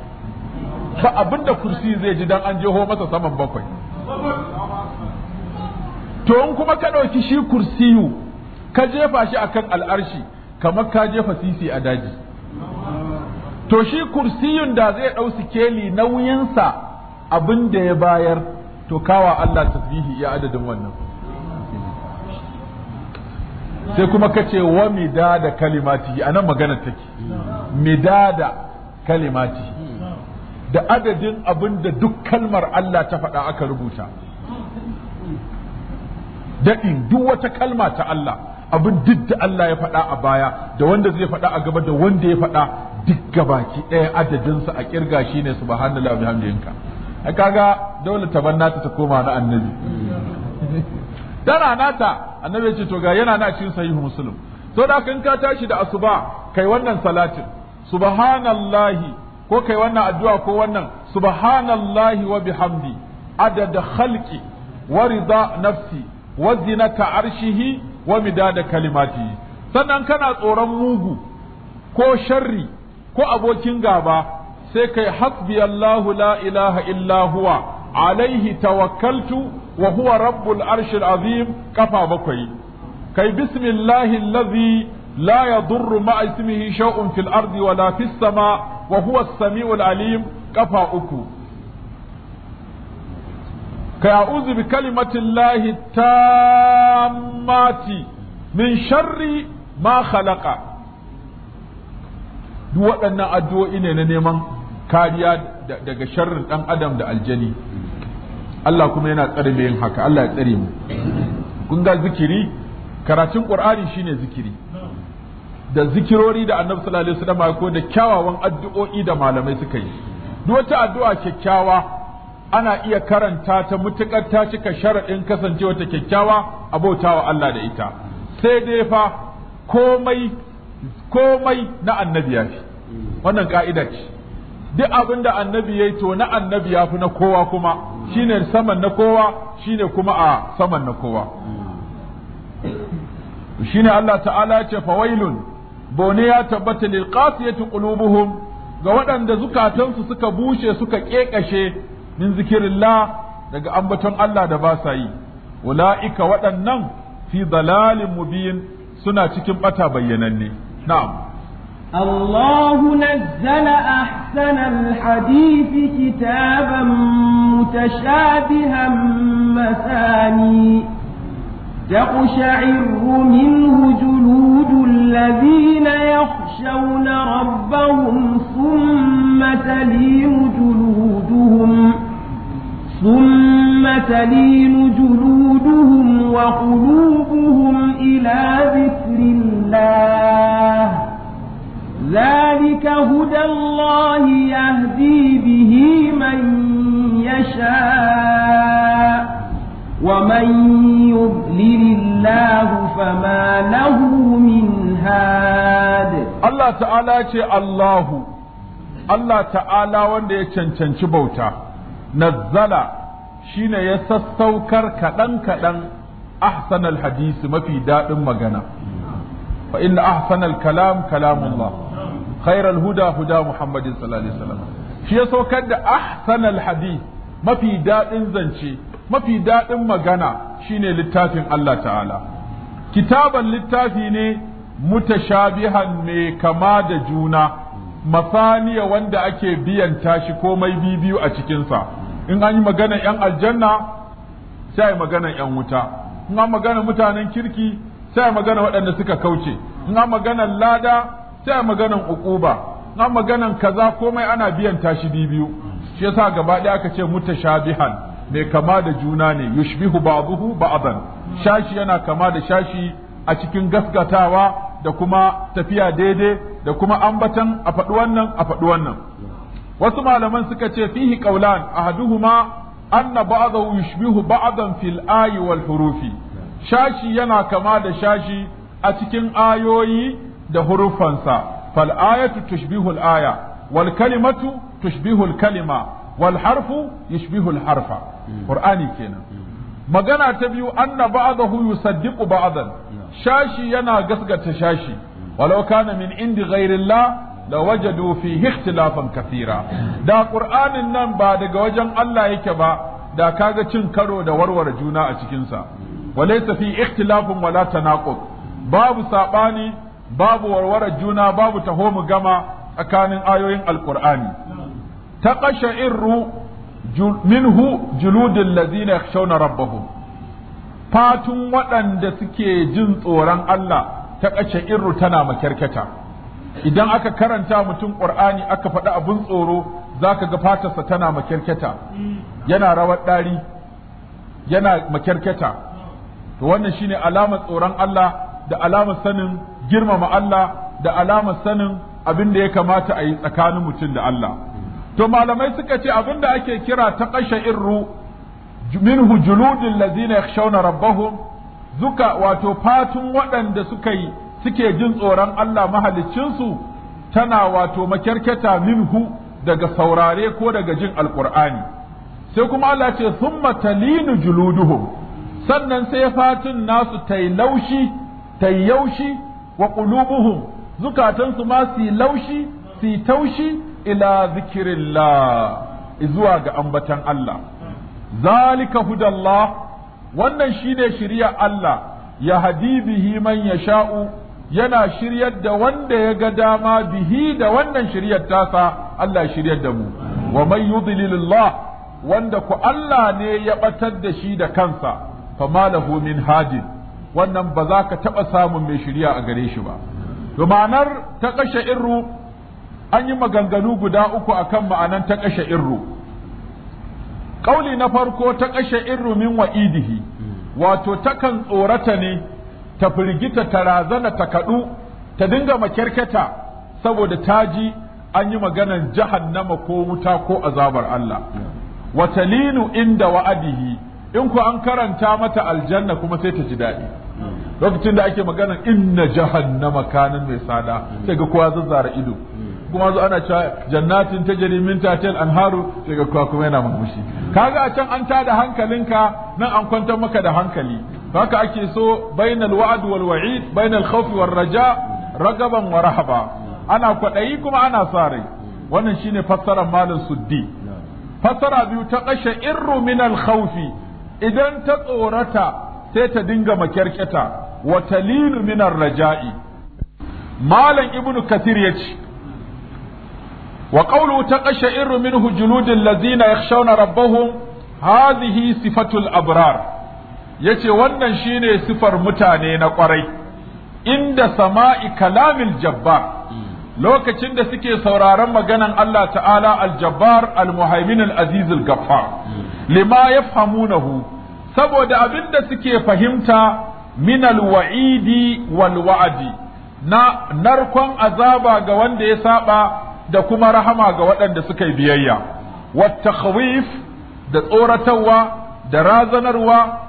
ba abin da kursi zai ji dan an jeho masa saman bakwai to in kuma ka ɗauki shi kursiyu ka jefa shi a kan al'arshi kamar ka jefa sisi a daji to shi kursiyun da zai ɗau sikeli nauyinsa abin da ya bayar to kawa Allah tasbihi ya adadin wannan sai kuma ka ce wa midada kalimati a nan maganar take midada kalimati da adadin abin da duk kalmar Allah ta faɗa aka rubuta daɗin duk wata kalma ta Allah abin duk da Allah ya faɗa a baya da wanda zai faɗa a gaba da wanda ya faɗa duk gabaki ɗaya adadinsa a kirga shi ne subhanallah bihamdinka ai kaga dole tabanna ta koma na annabi tana nata annabi ya ce to ga yana na cikin sahihu muslim so da kan ka tashi da asuba kai wannan salatin subhanallahi ko kai wannan addu'a ko wannan subhanallahi wa bihamdi adada khalqi wa rida nafsi wa zinata arshihi wa midada kalimati sannan kana tsoron mugu ko sharri ko abokin gaba sai kai hasbi Allahu la ilaha illa huwa alaihi tawakkaltu wa huwa rabbul arshil azim kafa bakwai kai bismillahi allazi la yadurru ma ismihi shay'un fil ardi wa la fis sama wa huwa as-sami'ul alim kafa uku kai a'udhu bi kalimatillahi tammati min sharri ma khalaqa duk waɗannan addu'o'i ne na neman kariya daga sharrin ɗan adam da aljani Allah kuma yana tsare mai yin haka Allah ya tsare mu kun ga zikiri karatun ƙur'ani shine zikiri da zikirori da annabi sallallahu alaihi wasallam ko da kyawawan addu'o'i da malamai suka yi duk wata addu'a kyakkyawa ana iya karanta ta mutuƙar ta cika sharaɗin kasancewa ta kyakkyawa a wa Allah da ita sai dai fa komai komai na annabi ya fi wannan ka'ida ce duk abin da annabi ya yi to na annabi ya fi na kowa kuma shine saman na kowa shine kuma a saman na kowa shine Allah ta'ala ce fawailun bone ya tabbata lil qasiyati qulubuhum ga waɗanda zukatansu suka bushe suka kekashe min zikirillah daga ambaton Allah da ba sa yi ula'ika waɗannan fi dalalin mubin suna cikin bata bayyananne نعم الله نزل أحسن الحديث كتابا متشابها مثاني تقشعر منه جلود الذين يخشون ربهم ثم تلين جلودهم ثم تلين جلودهم وقلوبهم إلى ذكر الله ذلك هدى الله يهدي به من يشاء ومن يضلل الله فما له من هاد الله تعالى الله Allah ta'ala wanda ya cancanci bauta, nazzala shine ya sassaukar kaɗan-kaɗan ahsanal hadisi mafi daɗin magana, fa inna ahsanal kalam kalamullah khairal huda huda muhammadin sallallahu alaihi wasallam shi ya saukar da ahsanal mafi dadin zance mafi dadin magana shine littafin Allah ta'ala kitaban littafi ne mutashabihan mai kama da juna masaniya wanda ake biyan tashi komai bibiyu a cikinsa in an yi magana 'yan aljanna sai magana 'yan wuta in an magana mutanen kirki sai magana waɗanda suka kauce in an magana lada sai maganan ukuba na maganan kaza komai ana biyan tashi biyu shi yasa gaba ɗaya aka ce mutashabihan mai kama da juna ne yushbihu ba'dahu ba'dan shashi yana kama da shashi a cikin gaskatawa da kuma tafiya daidai da kuma ambatan a faɗi wannan a faɗi wannan wasu malaman suka ce fihi qaulan ahaduhuma anna ba'dahu yushbihu ba'dan fil ayi wal hurufi shashi yana kama da shashi a cikin ayoyi da hurufansa fal ayatu aya wal kalimatu tushbihul kalima wal harfu harfa ƙur'ani hmm. kenan hmm. magana ta biyu anna ba'dahu yusaddiqu ba'dan shashi yana gasgata shashi hmm. walau kana min indi ghairillah lawajadu fihi ikhtilafan kathira da qur'anin nan ba daga wajen Allah yake ba da kaga cin karo da warware juna a cikinsa walaysa fi ikhtilafin wala tanaqud babu sabani babu warwarar juna babu taho mu gama tsakanin ayoyin alkur'ani ta ƙasha irru minhu juludin lazina shauna rabbahum fatun waɗanda suke jin tsoron Allah ta ƙasha irru tana makyarkata idan aka karanta mutum ƙur'ani aka faɗi abin tsoro za ka ga fatarsa tana makyarkata yana rawar ɗari yana makarkata to wannan shine alamar tsoron Allah da alamar sanin girmama Allah da alamar sanin abin da ya kamata a yi tsakanin mutum da Allah to malamai suka ce abin da ake kira ta ƙasha irru minhu juludin lazina yakhshawna rabbahum zuka wato fatun waɗanda suka yi suke jin tsoron Allah mahaliccinsu tana wato makyarketa minhu daga saurare ko daga jin alkur'ani sai kuma Allah ce sun talinu juluduhum sannan sai fatin nasu yi laushi yi yaushi wa qulubuhum zukatansu ma su laushi su taushi ila zikirillah zuwa ga ambatan Allah zalika hudallah wannan shine shirya Allah ya hadi bihi man yasha'u yana shiryar da wanda ya ga dama bihi da wannan shiryar tasa Allah shiryar da mu wa man yudlilillah wanda ku Allah ne ya batar da shi da kansa fa lahu min hadin wannan ba za ka taɓa samun mai shirya a gare shi ba to ma'anar ta kashe irru an yi maganganu guda uku akan ma'anan ta kashe irru ƙauli na farko ta kashe irru min wa'idihi wato takan tsorata ne ta firgita ta razana ta kaɗu ta dinga makyarketa saboda ta ji an yi maganan nama ko wuta ko azabar Allah watalinu inda wa'adihi in ku an karanta mata aljanna kuma sai ta ji daɗi lokacin da ake magana inna jahannama kanan mai sada sai ga kowa zazzara ido kuma zo ana cewa jannatin ta jari min tatil anharu sai ga kowa kuma yana murmushi kaga a can an tada hankalinka nan an kwantar maka da hankali haka ake so bainal wa'd wal wa'id bainal khawf wal raja ragaban wa rahaba ana kwadayi kuma ana sa rai wannan shine fassarar malam suddi fassara biyu ta kashe irru min al khawfi idan ta tsorata sai ta dinga makyarkyata wa talinu minar raja'i malam ibnu kathir yace wa qawlu taqashairu minhu juludul ladzina yakhshawna rabbahum hadhihi sifatul abrar yace wannan shine sifar mutane na kwarai inda sama'i kalamil jabbar lokacin da suke sauraron maganan Allah ta'ala al-jabbar al-muhaimin al-aziz al-gaffar lima yafhamunahu saboda abin da suke fahimta minal wa'idi wal wa'adi na narkon azaba ga wanda ya saba da kuma rahama ga waɗanda suka yi biyayya wattakhwif da tsoratarwa da razanarwa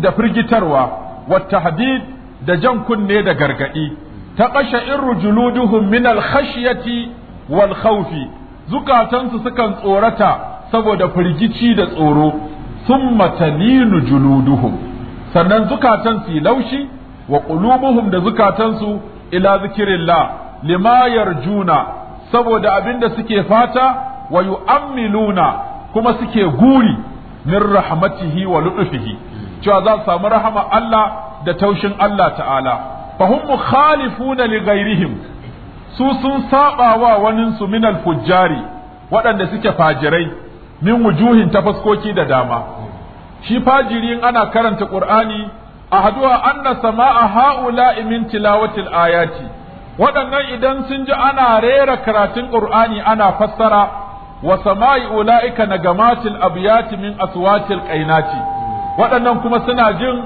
da firgitarwa wattahdid da jan kunne da gargadi ta kashe irru juluduhum minal alkhashyati wal khawfi zukatansu sukan tsorata saboda firgici da tsoro sun taninu juluduhum sannan zukatan su laushi wa qulubuhum da zukatansu. ila zikirillah limayar juna saboda abin da suke fata wa yu'ammiluna kuma suke guri min rahmatihi wa lutfihi cewa za su samu rahama Allah da taushin Allah ta'ala fahum mukhalifuna li ghairihim su sun saba wa waninsu minal fujjari waɗanda suke fajirai min wujuhin ta faskoki da dama shi fajirin ana karanta qur'ani a haduwa anna sama'a haula min tilawatil ayati waɗannan idan sun ji ana rera karatun qur'ani ana fassara wa sama'i ula'ika nagamatil abyati min aswatil qainati waɗannan kuma suna jin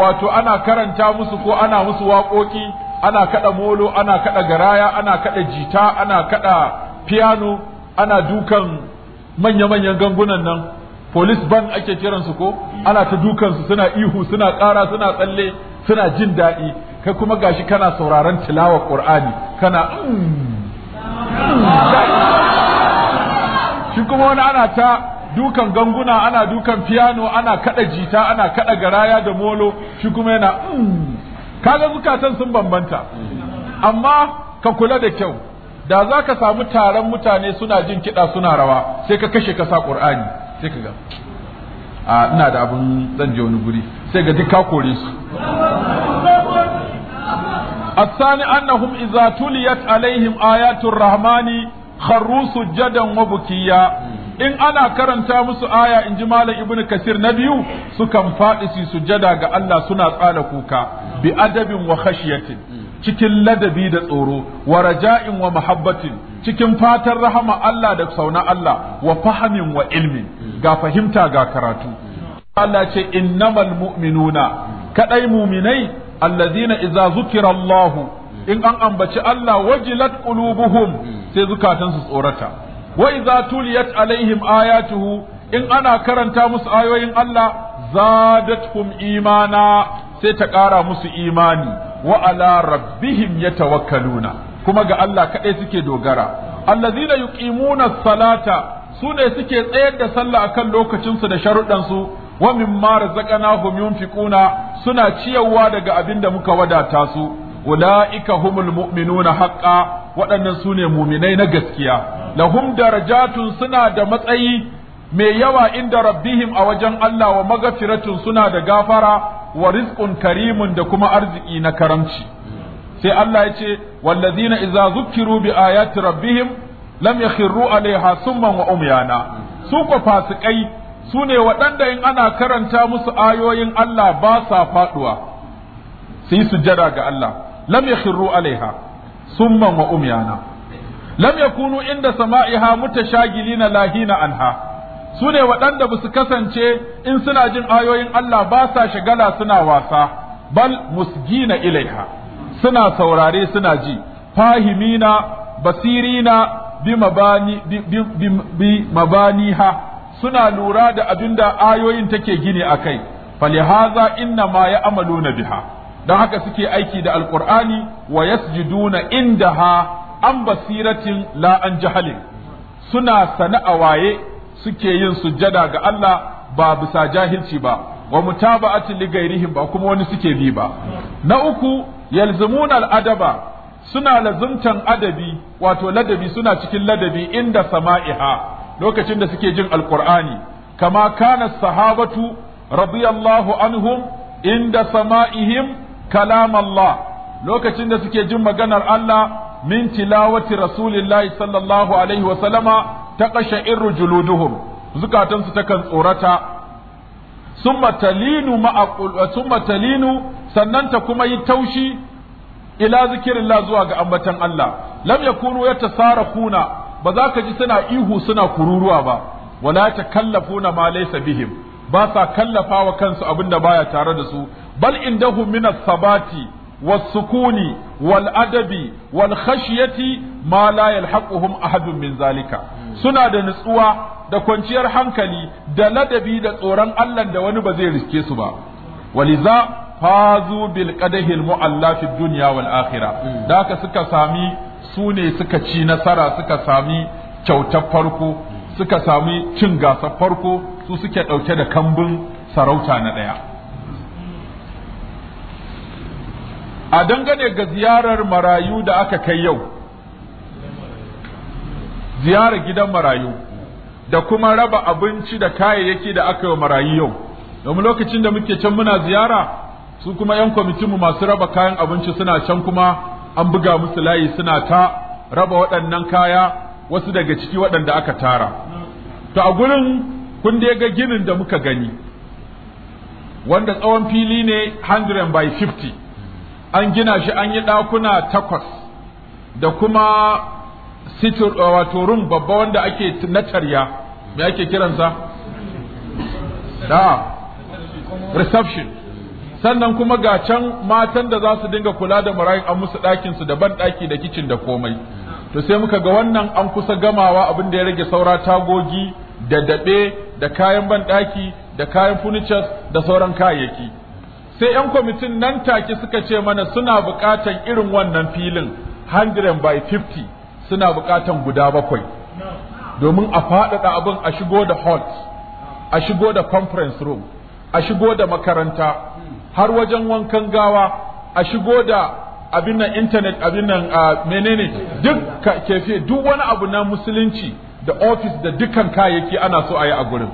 wato ana karanta musu ko ana musu waƙoƙi ana kada molo ana kada garaya ana kada jita ana kada piano ana dukan manya-manyan gangunan nan police ban ake kiransu ko ana ta dukansu suna ihu suna ƙara suna tsalle suna jin daɗi kai kuma gashi kana sauraron tilawa qur'ani kana mm. shi kuma wani ana ta dukan ganguna ana dukan fiyano ana kada jita ana kada garaya da molo shi kuma yana mm. kaga zukatan sun bambanta amma ka kula da kyau da za ka samu taron mutane suna jin kiɗa suna rawa sai ka kashe ka sa ƙur'ani sai ka ga a ina da abin zan je wani guri sai ga duk ka kore su الثاني أنهم إذا تليت عليهم آيات الرحمن خروا سجدا وبكيا in ana karanta musu aya in ji malam ibnu kasir na biyu sukan faɗi su sujada ga Allah suna tsala kuka bi adabin wa khashiyatin cikin ladabi da tsoro wa raja'in wa muhabbatin, cikin fatan rahama Allah da sauna Allah wa fahamin wa ilmin ga fahimta ga karatu Allah ce innamal mu'minuna kadai muminai allazina idza zukira Allah in an ambaci Allah wajilat qulubuhum sai zukatansu tsorata wa idza tuliyat alaihim ayatuhu in ana karanta musu ayoyin Allah zadatuhum imana sai ta ƙara musu imani wa ala rabbihim yatawakkaluna kuma ga Allah kaɗai suke dogara allazina yuqimuna salata sune suke tsayar da sallah akan lokacinsu da su wa mimma razaqnahum yunfiquna suna ciyarwa daga abin da muka wadata su ulaika humul mu'minuna haqqan waɗannan sune muminai na gaskiya lahum darajatun suna da matsayi mai yawa inda rabbihim a wajen Allah wa magafiratun suna da gafara wa rizqun karimun da kuma arziki na karamci sai Allah ya ce wallazina idza zukkiru bi ayati rabbihim lam yakhiru alaiha summan wa umyana su ko fasikai su ne waɗanda in ana karanta musu ayoyin Allah ba sa faɗuwa su yi ga Allah Lamya yakhiru alaiha summa wa umyana lam yakunu inda na lahi na anha su ne waɗanda ba su kasance in suna jin ayoyin Allah ba sa shagala suna wasa bal musgina ilaiha suna saurare suna ji fahimina basirina bi mabani bi mabaniha suna lura da abinda ayoyin take gini akai falihaza inna ma ya amaluna biha don haka suke aiki da alkur'ani wa yasjuduna ha an basiratin la an jahalin suna sana'a waye suke yin sujjada ga Allah ba bisa jahilci ba wa mutaba'atin li gairihim ba kuma wani suke bi ba na uku yalzumuna al'adaba suna lazumtan adabi wato ladabi suna cikin ladabi inda sama'iha lokacin da suke jin alkur'ani kama kana sahabatu radiyallahu anhum inda sama'ihim kalam lokacin da suke jin maganar Allah min tilawati rasulillahi sallallahu alaihi wa sallama ta kashe irru juluduhum zukatansu takan tsorata summa talinu ma'a summa talinu sannan ta kuma yi taushi ila zikirillah zuwa ga ambatan Allah lam yakunu yatasarafuna ba za ka ji suna ihu suna kururuwa ba wala takallafuna ma malaisa bihim ba sa kallafa kansu abin da baya tare da su bal indahu min sabati والسكون والأدب والخشية ما لا يلحقهم أحد من ذلك سنة نسوة da kwanciyar hankali da ladabi da tsoron Allah da wani ba zai riske su ba waliza fazu bil qadahi al mu'allaf dunya wal akhirah da haka suka sami su ne suka ci nasara suka sami kyautar farko suka sami cin gasar farko su suke dauke da kambun sarauta na daya a dangane ga ziyarar marayu da aka kai yau ziyarar gidan marayu da kuma raba abinci da kayayyaki da aka yi marayu yau domin lokacin da muke can muna ziyara su kuma 'yan kwamitinmu masu raba kayan abinci suna can kuma an buga musu layi suna ta raba waɗannan kaya wasu daga ciki waɗanda aka tara to a gurin kun da ga ginin da muka gani wanda tsawon fili ne 100 by 50 an gina shi an yi ɗakuna takwas da kuma situr uh, wato rum babba wanda ake na tarya me ake kiransa da reception sannan kuma ga can matan da za su dinga kula da marayun an musu ɗakin su da ban ɗaki da kicin da komai to sai muka ga wannan an kusa gamawa abin da ya rage saura tagogi da daɓe da kayan ban ɗaki da kayan furniture da sauran kayayyaki sai 'yan kwamitin nan take suka ce mana suna buƙatan irin wannan filin 100 by 50 suna buƙatan guda bakwai domin a faɗaɗa abin a shigo da hot a shigo da conference room a shigo da makaranta har wajen wankan gawa a shigo da abin nan internet abin nan menene duk kefe duk wani abu na musulunci da office da dukkan kayayyaki ana so a yi a gurin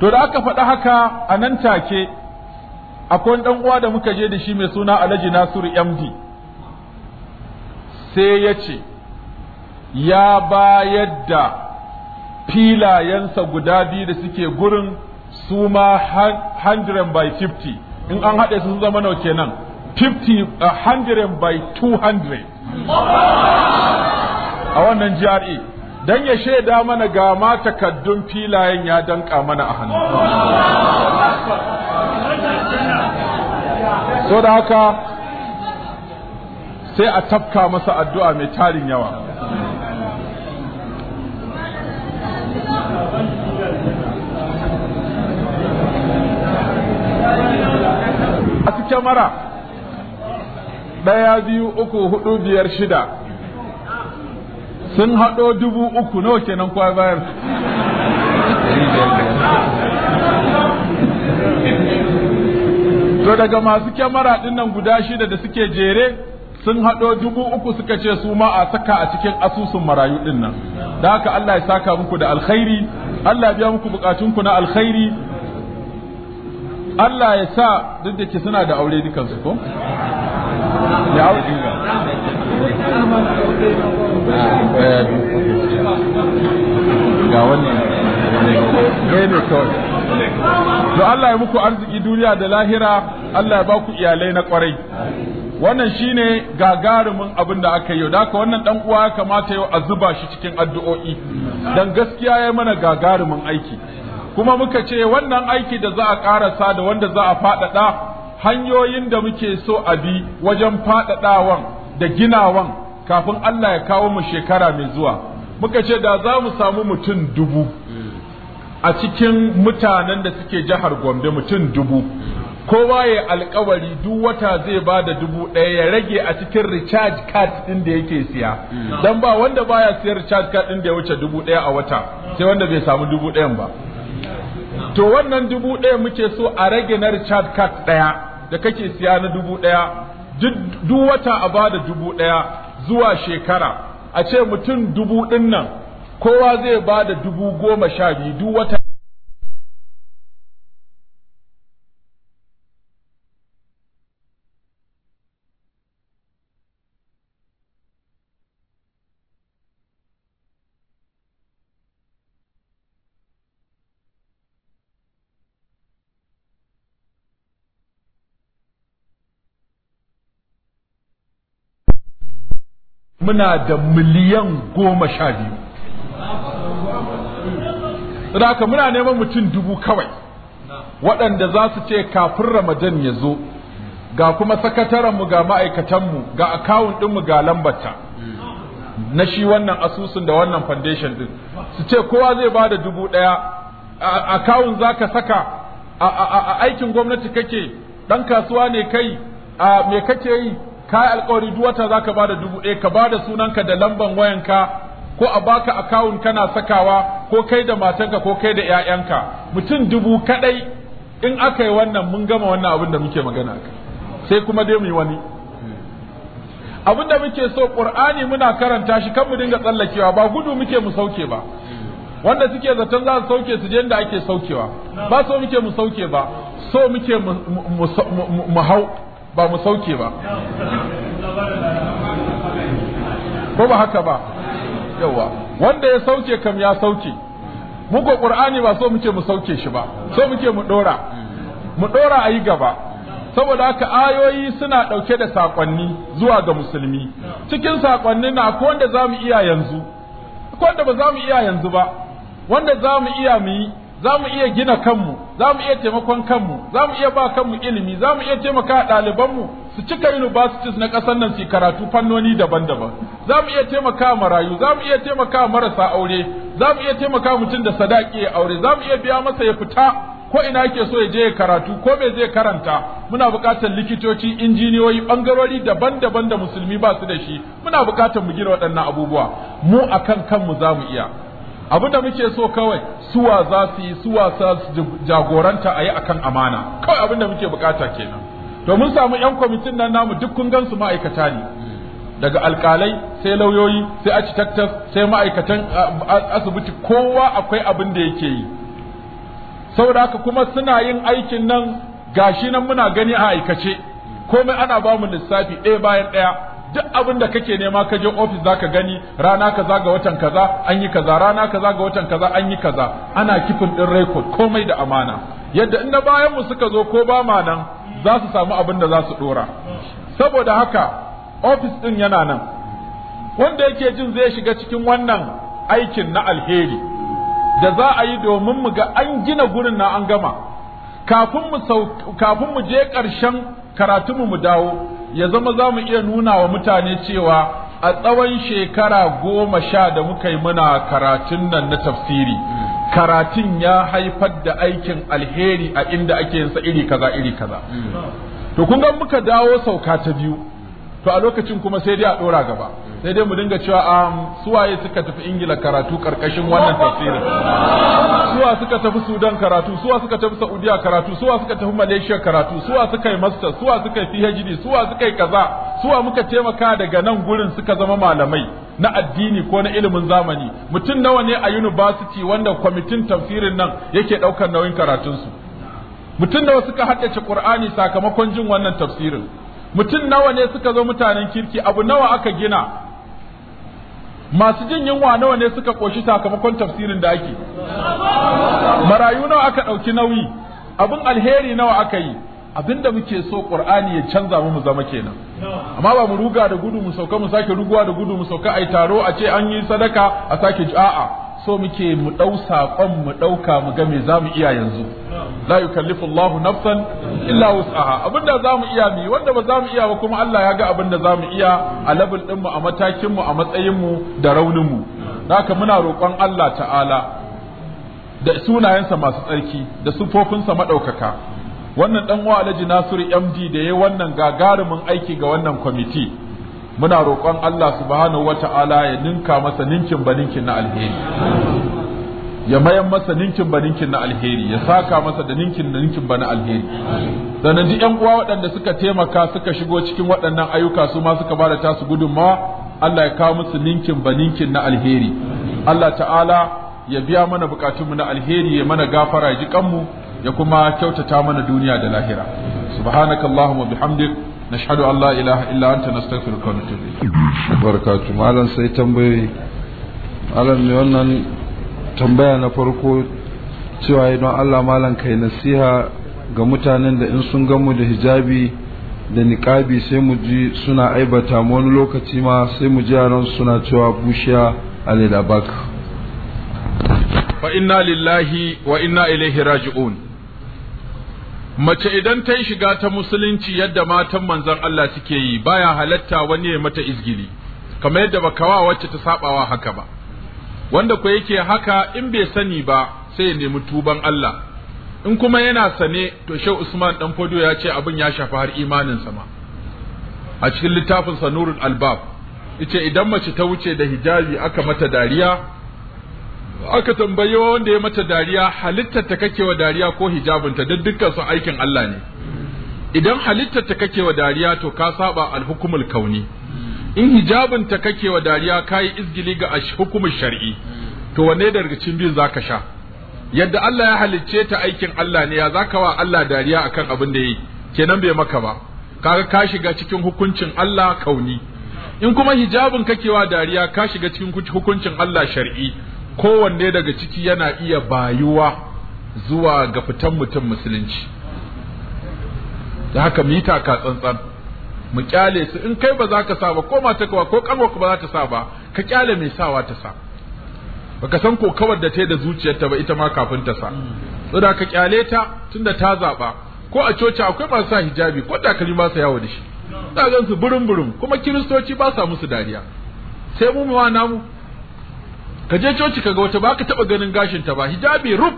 to da aka faɗa haka a nan take akwai dan uwa da muka je da shi mai suna Alhaji Nasiru MD sai ya ce ya bayar da filayensa guda biyu da suke gurin su ma 100 by 50 in an haɗe su zama nau kenan 50 100 by 200 a wannan GRA Dan ya shaida mana ga ma takaddun filayen ya danka mana a hannu so da haka sai a tafka masa addu'a mai tarin yawa a cikin mara ɗaya biyu uku hudu biyar shida sun haɗo dubu uku nawa kenan kwa bayar to daga masu kyamara ɗin nan guda shida da suke jere sun haɗo dubu uku suka ce su ma a saka a cikin asusun marayu ɗin nan da haka Allah ya saka muku da alkhairi Allah ya biya muku bukatunku na alkhairi Allah ya sa duk da ke suna da aure dukansu ko? Ah, ga wannan to Allah ya muku arziki duniya da lahira Allah ya ba ku iyalai na kwarai wannan shine gagarumin abin da aka yi da wannan dan uwa ya kamata yau a zuba shi cikin addu'o'i dan gaskiya ya mana gagarumin aiki kuma muka ce wannan aiki da za a karasa da wanda za a faɗaɗa hanyoyin da muke so a bi wajen faɗaɗawan da ginawan kafin Allah ya kawo mu shekara mai zuwa muka ce da za mu samu mutum dubu a cikin mutanen da suke jihar Gombe mutum dubu kowa ya alkawari duk wata zai ba da dubu ɗaya ya rage a cikin recharge card ɗin da yake siya mm. Don ba wanda baya siya recharge card ɗin da ya wuce dubu ɗaya a wata sai wanda bai samu dubu ɗayan ba to wannan dubu ɗaya muke so a rage na recharge card ɗaya da kake siya na dubu ɗaya duk wata a ba da dubu ɗaya zuwa shekara a ce mutum dubu ɗin nan kowa zai ba da dubu goma sha biyu duk wata muna da miliyan goma sha biyu saboda muna neman mutum dubu kawai waɗanda za su ce kafin ramadan ya zo ga kuma sakataren mu ga ma'aikatanmu ga akawun ɗinmu ga lambata na shi wannan asusun da wannan foundation ɗin su ce kowa zai ba da dubu ɗaya akawun za ka saka a aikin gwamnati kake ɗan kasuwa ne kai a me kake yi ka alkawari duk wata za ka ba da dubu ɗaya ka ba da sunanka da lamban wayanka ko a baka akawun kana sakawa ko kai da matanka ko kai da 'ya'yanka mutum dubu kadai in aka yi wannan mun gama wannan abin da muke magana sai kuma dai mu yi wani abin da muke so qur'ani muna karanta shi kan mu dinga tsallakewa ba gudu muke mu sauke ba wanda suke zaton za su sauke su je inda ake saukewa ba so muke mu sauke ba so muke mu hau ba mu sauke ba ko ba haka ba yawa wanda ya sauke kam ya sauke ko qur'ani ba so muke mu sauke shi ba so muke mu dora mu dora ayi gaba saboda haka ayoyi suna dauke da sakonni zuwa ga musulmi cikin sakonni na ko wanda zamu iya yanzu ko wanda ba zamu iya yanzu ba wanda zamu iya mu zamu iya gina kanmu zamu iya taimakon kanmu zamu iya ba kanmu ilimi zamu iya taimaka ɗalibanmu su cika universities na ƙasar nan su karatu fannoni daban-daban za mu iya taimaka marayu za mu iya taimaka marasa aure za mu iya taimaka mutum da sadaki ya aure za mu iya biya masa ya fita ko ina yake so ya je ya karatu ko bai zai karanta muna buƙatar likitoci injiniyoyi ɓangarori daban-daban da musulmi ba su da shi muna buƙatar mu gina waɗannan abubuwa mu akan kanmu za mu iya abu da muke so kawai suwa za su yi suwa za jagoranta a yi akan amana kawai abin da muke buƙata kenan to mun samu yan kwamitin nan namu duk kun gansu ma'aikata ne daga alkalai sai lauyoyi sai architects sai ma'aikatan asibiti kowa akwai abin da yake yi saboda haka kuma suna yin aikin nan gashi nan muna gani a aikace komai ana ba mu lissafi ɗaya bayan ɗaya duk abin da kake nema ka je ofis zaka gani rana kaza ga watan kaza an yi kaza rana kaza ga watan kaza an yi kaza ana kifin ɗin record komai da amana yadda in na bayan mu suka zo ko ba ma nan za su samu abin da za su dora saboda haka ofis din yana nan wanda yake jin zai shiga cikin wannan aikin na alheri da za a yi domin mu ga an gina gurin na an gama kafin mu je ƙarshen karatunmu mu dawo ya zama za mu iya nuna wa mutane cewa a tsawon shekara goma sha da muka yi muna karatun nan na tafsiri karatun ya haifar da aikin alheri a inda ake yin iri kaza iri kaza to kun ga muka dawo sauka ta biyu to a lokacin kuma sai dai a dora gaba sai dai mu dinga cewa a suwaye suka tafi ingila karatu karkashin wannan tafsirin suwa suka tafi sudan karatu suwa suka tafi saudiya karatu suwa suka tafi malaysia karatu suwa suka yi master suwa suka yi phd suwa suka yi kaza suwa muka taimaka daga nan gurin suka zama malamai na addini ko na ilimin zamani mutum nawa ne a university wanda kwamitin tafsirin nan yake ɗaukar nauyin karatunsu mutum nawa suka haddace qur'ani sakamakon jin wannan tafsirin mutum nawa ne suka zo mutanen kirki abu nawa aka gina masu jin yunwa nawa ne suka koshi sakamakon tafsirin da ake marayu nawa aka ɗauki nauyi Abun alheri nawa aka yi abinda muke so qur'ani ya canza mu mu zama kenan amma ba mu ruga da gudu mu sauka mu sake ruguwa da gudu mu sauka ai taro a ce an yi sadaka a sake a'a so muke mu dau sakon mu dauka mu ga me zamu iya yanzu la yukallifu Allahu nafsan illa wus'aha abinda zamu iya mi wanda ba zamu iya ba kuma Allah ya ga abinda zamu iya a level din mu a matakin mu a matsayin mu da raunin mu haka muna roƙon Allah ta'ala da sunayensa masu tsarki da sufofinsa maɗaukaka wannan dan uwa Alhaji Nasiru MD da yayi wannan gagarumin aiki ga wannan kwamiti muna roƙon Allah subhanahu wata'ala ya ninka masa ninkin baninkin na alheri ya mayan masa ninkin baninkin na alheri ya saka masa da ninkin da ninkin bana alheri sannan ji yan uwa waɗanda suka taimaka suka shigo cikin waɗannan ayyuka su ma suka bada tasu gudunmawa Allah ya kawo musu ninkin baninkin na alheri Allah ta'ala ya biya mana bukatunmu na alheri ya mana gafara ya ji kanmu ya kuma kyautata mana duniya da lahira subhanakallahumma bihamdik nashhadu an la ilaha illa anta nastaghfiruka wa natubu ilayk barakatu malam sai tambayi malam ne wannan tambaya na farko cewa idan Allah malam kai nasiha ga mutanen da in sun gamu da hijabi da niƙabi sai mu ji suna aibata mu wani lokaci ma sai mu ji yaran suna cewa bushiya alilabak fa inna lillahi wa inna ilaihi raji'un mace idan ta yi shiga ta musulunci yadda matan manzon Allah suke yi baya halatta wani ya mata izgili kamar yadda ba kawa wacce ta sabawa haka ba wanda ko yake haka in bai sani ba sai ya nemi tuban Allah in kuma yana sane to Sheikh Usman dan Fodo ya ce abin ya shafi har imanin sa ma a cikin littafin Sanurul Albab yace idan mace ta wuce da hijabi aka mata dariya aka tambayi wanda ya mata dariya halittar ta kake wa dariya ko hijabinta duk dukkan su aikin Allah ne idan halittar ta kake wa dariya to ka saba alhukumul kauni in hijabin ta kake wa dariya kayi izgili ga hukumin shar'i to wanne daga cikin biyun zaka sha yadda Allah ya halicce ta aikin Allah ne ya zaka wa Allah dariya akan abin da yi kenan bai maka ba kaga ka shiga cikin hukuncin Allah kauni in kuma hijabin kake wa dariya ka shiga cikin hukuncin Allah shar'i kowanne daga ciki yana iya bayuwa zuwa ga fitan mutum musulunci da haka mu yi taka tsantsan mu kyale su in kai ba za ka sa ba ko mata kawa ko kanwa ba za ta sa ba ka kyale mai sawa ta sa baka san ko kawar da ta da zuciyarta ba ita ma kafin ta sa saboda ka kyale ta tunda ta zaba ko a coci akwai masu sa hijabi ko takalmi ba sa yawo da shi za gan su burin burin kuma kiristoci ba sa musu dariya sai mu ma namu ka je coci kaga wata baka ka taɓa ganin ta ba hijabi rub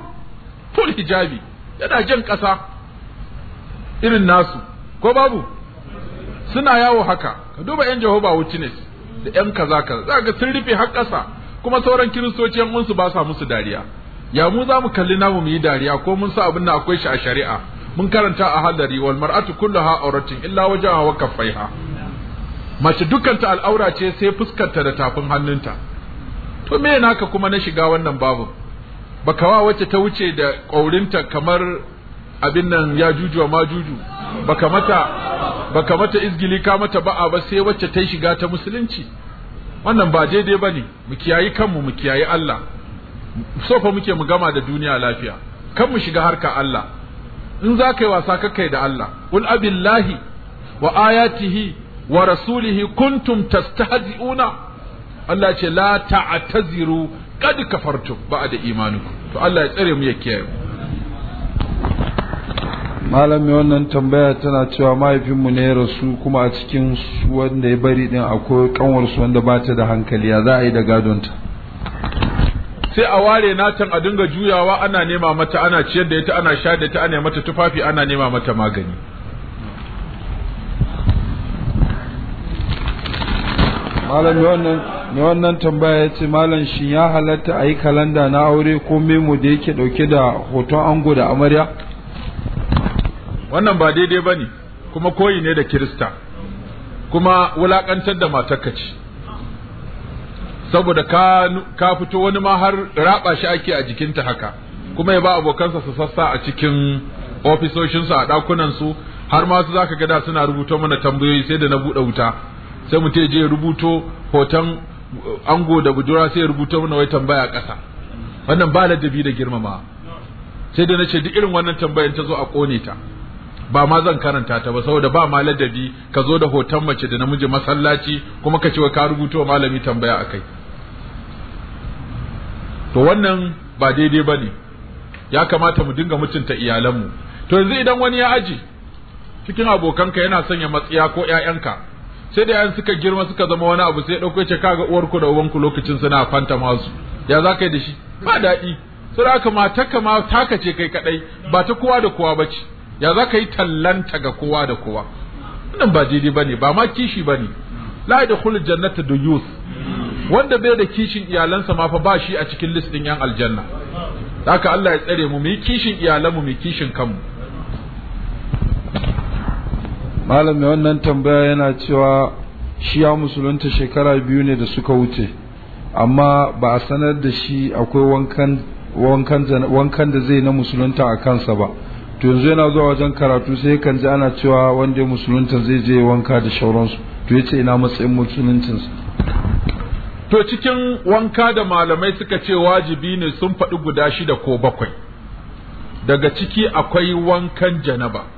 full hijabi yana jan ƙasa irin nasu ko babu suna yawo haka ka duba yan jehova witness da yan kaza kaza za ga sun rufe har ƙasa kuma sauran kiristoci yan unsu ba sa musu dariya ya mu za mu kalli namu mu yi dariya ko mun sa abin nan akwai shi a shari'a mun karanta a hadari wal mar'atu kulluha auratin illa wajaha wa kaffaiha mace dukkanta al'aura ce sai ta da tafin hannunta to me naka kuma na shiga wannan babu wa wacce ta wuce da ƙaurinta kamar abin nan ya juju ma juju baka mata baka mata izgili ka mata ba'a ba sai wacce ta shiga ta musulunci wannan ba daidai bane mu kiyayi kanmu mu kiyayi Allah so fa muke mu gama da duniya lafiya kan mu shiga harka Allah in za kai wasa ka kai da Allah qul abillahi wa ayatihi wa rasulihi kuntum tastahzi'una Allah ce la ta'taziru qad kafartum ba'da imanukum to Allah ya tsare mu ya kiyaye malami wannan tambaya tana cewa mahaifinmu ne ya rasu kuma a cikin wanda ya bari din akwai su wanda ba ta da hankali ya za a yi da gadonta sai a ware natan a dinga juyawa ana nema mata ana ciyar da ita ana sha da ita ana mata tufafi ana nema mata magani malami wannan ne wannan tambaya ya ce malam shi ya halatta a yi kalanda na aure ko memo da yake dauke da hoton ango da amarya wannan ba daidai ba ne kuma koyi ne da kirista kuma wulakantar da matarka ce saboda ka, fito wani ma har raba shi ake a jikinta haka kuma ya ba abokansa su sassa a cikin ofisoshinsu a ɗakunansu har ma su za ka gada suna rubuto mana tambayoyi sai da na buɗe wuta sai mutum ya je rubuto hoton ango da bujura sai ya rubuta mana wai tambaya a ƙasa wannan ba ladabi da girmama sai da na ce duk irin wannan tambayar ta zo a kone ta ba ma zan karanta ta ba saboda ba ma ladabi ka zo da hoton mace da namiji masallaci kuma ka ce wa ka rubuta malami tambaya a kai. to wannan ba daidai ba ne ya kamata mu dinga mutunta iyalanmu to yanzu idan wani ya aji cikin abokanka yana sanya matsiya ko 'ya'yanka sai da yan suka girma suka zama wani abu sai dauko ce kaga uwarku da ubanku lokacin suna fanta masu ya za yi da shi ba daɗi sai mata kama taka ce kai kadai ba ta kowa da kowa bace ya za ka yi tallanta ga kowa da kowa wannan ba jidi bane ba ma kishi bane la yadkhulul jannata duyus wanda bai da kishin iyalansa ma fa ba shi a cikin list din yan aljanna haka Allah ya tsare mu mu yi kishin iyalanmu mu yi kishin kanmu malam mai wannan tambaya yana cewa shi ya musulunta shekara biyu ne da suka wuce amma ba a sanar da shi akwai wankan da zai na musulunta a kansa ba to yanzu yana zuwa wajen karatu sai kan ji ana cewa wanda ya musulunta zai je wanka da shauransu to ya ce ina matsayin musuluncinsa to cikin wanka da malamai suka ce wajibi ne sun faɗi guda shida ko bakwai daga ciki akwai wankan janaba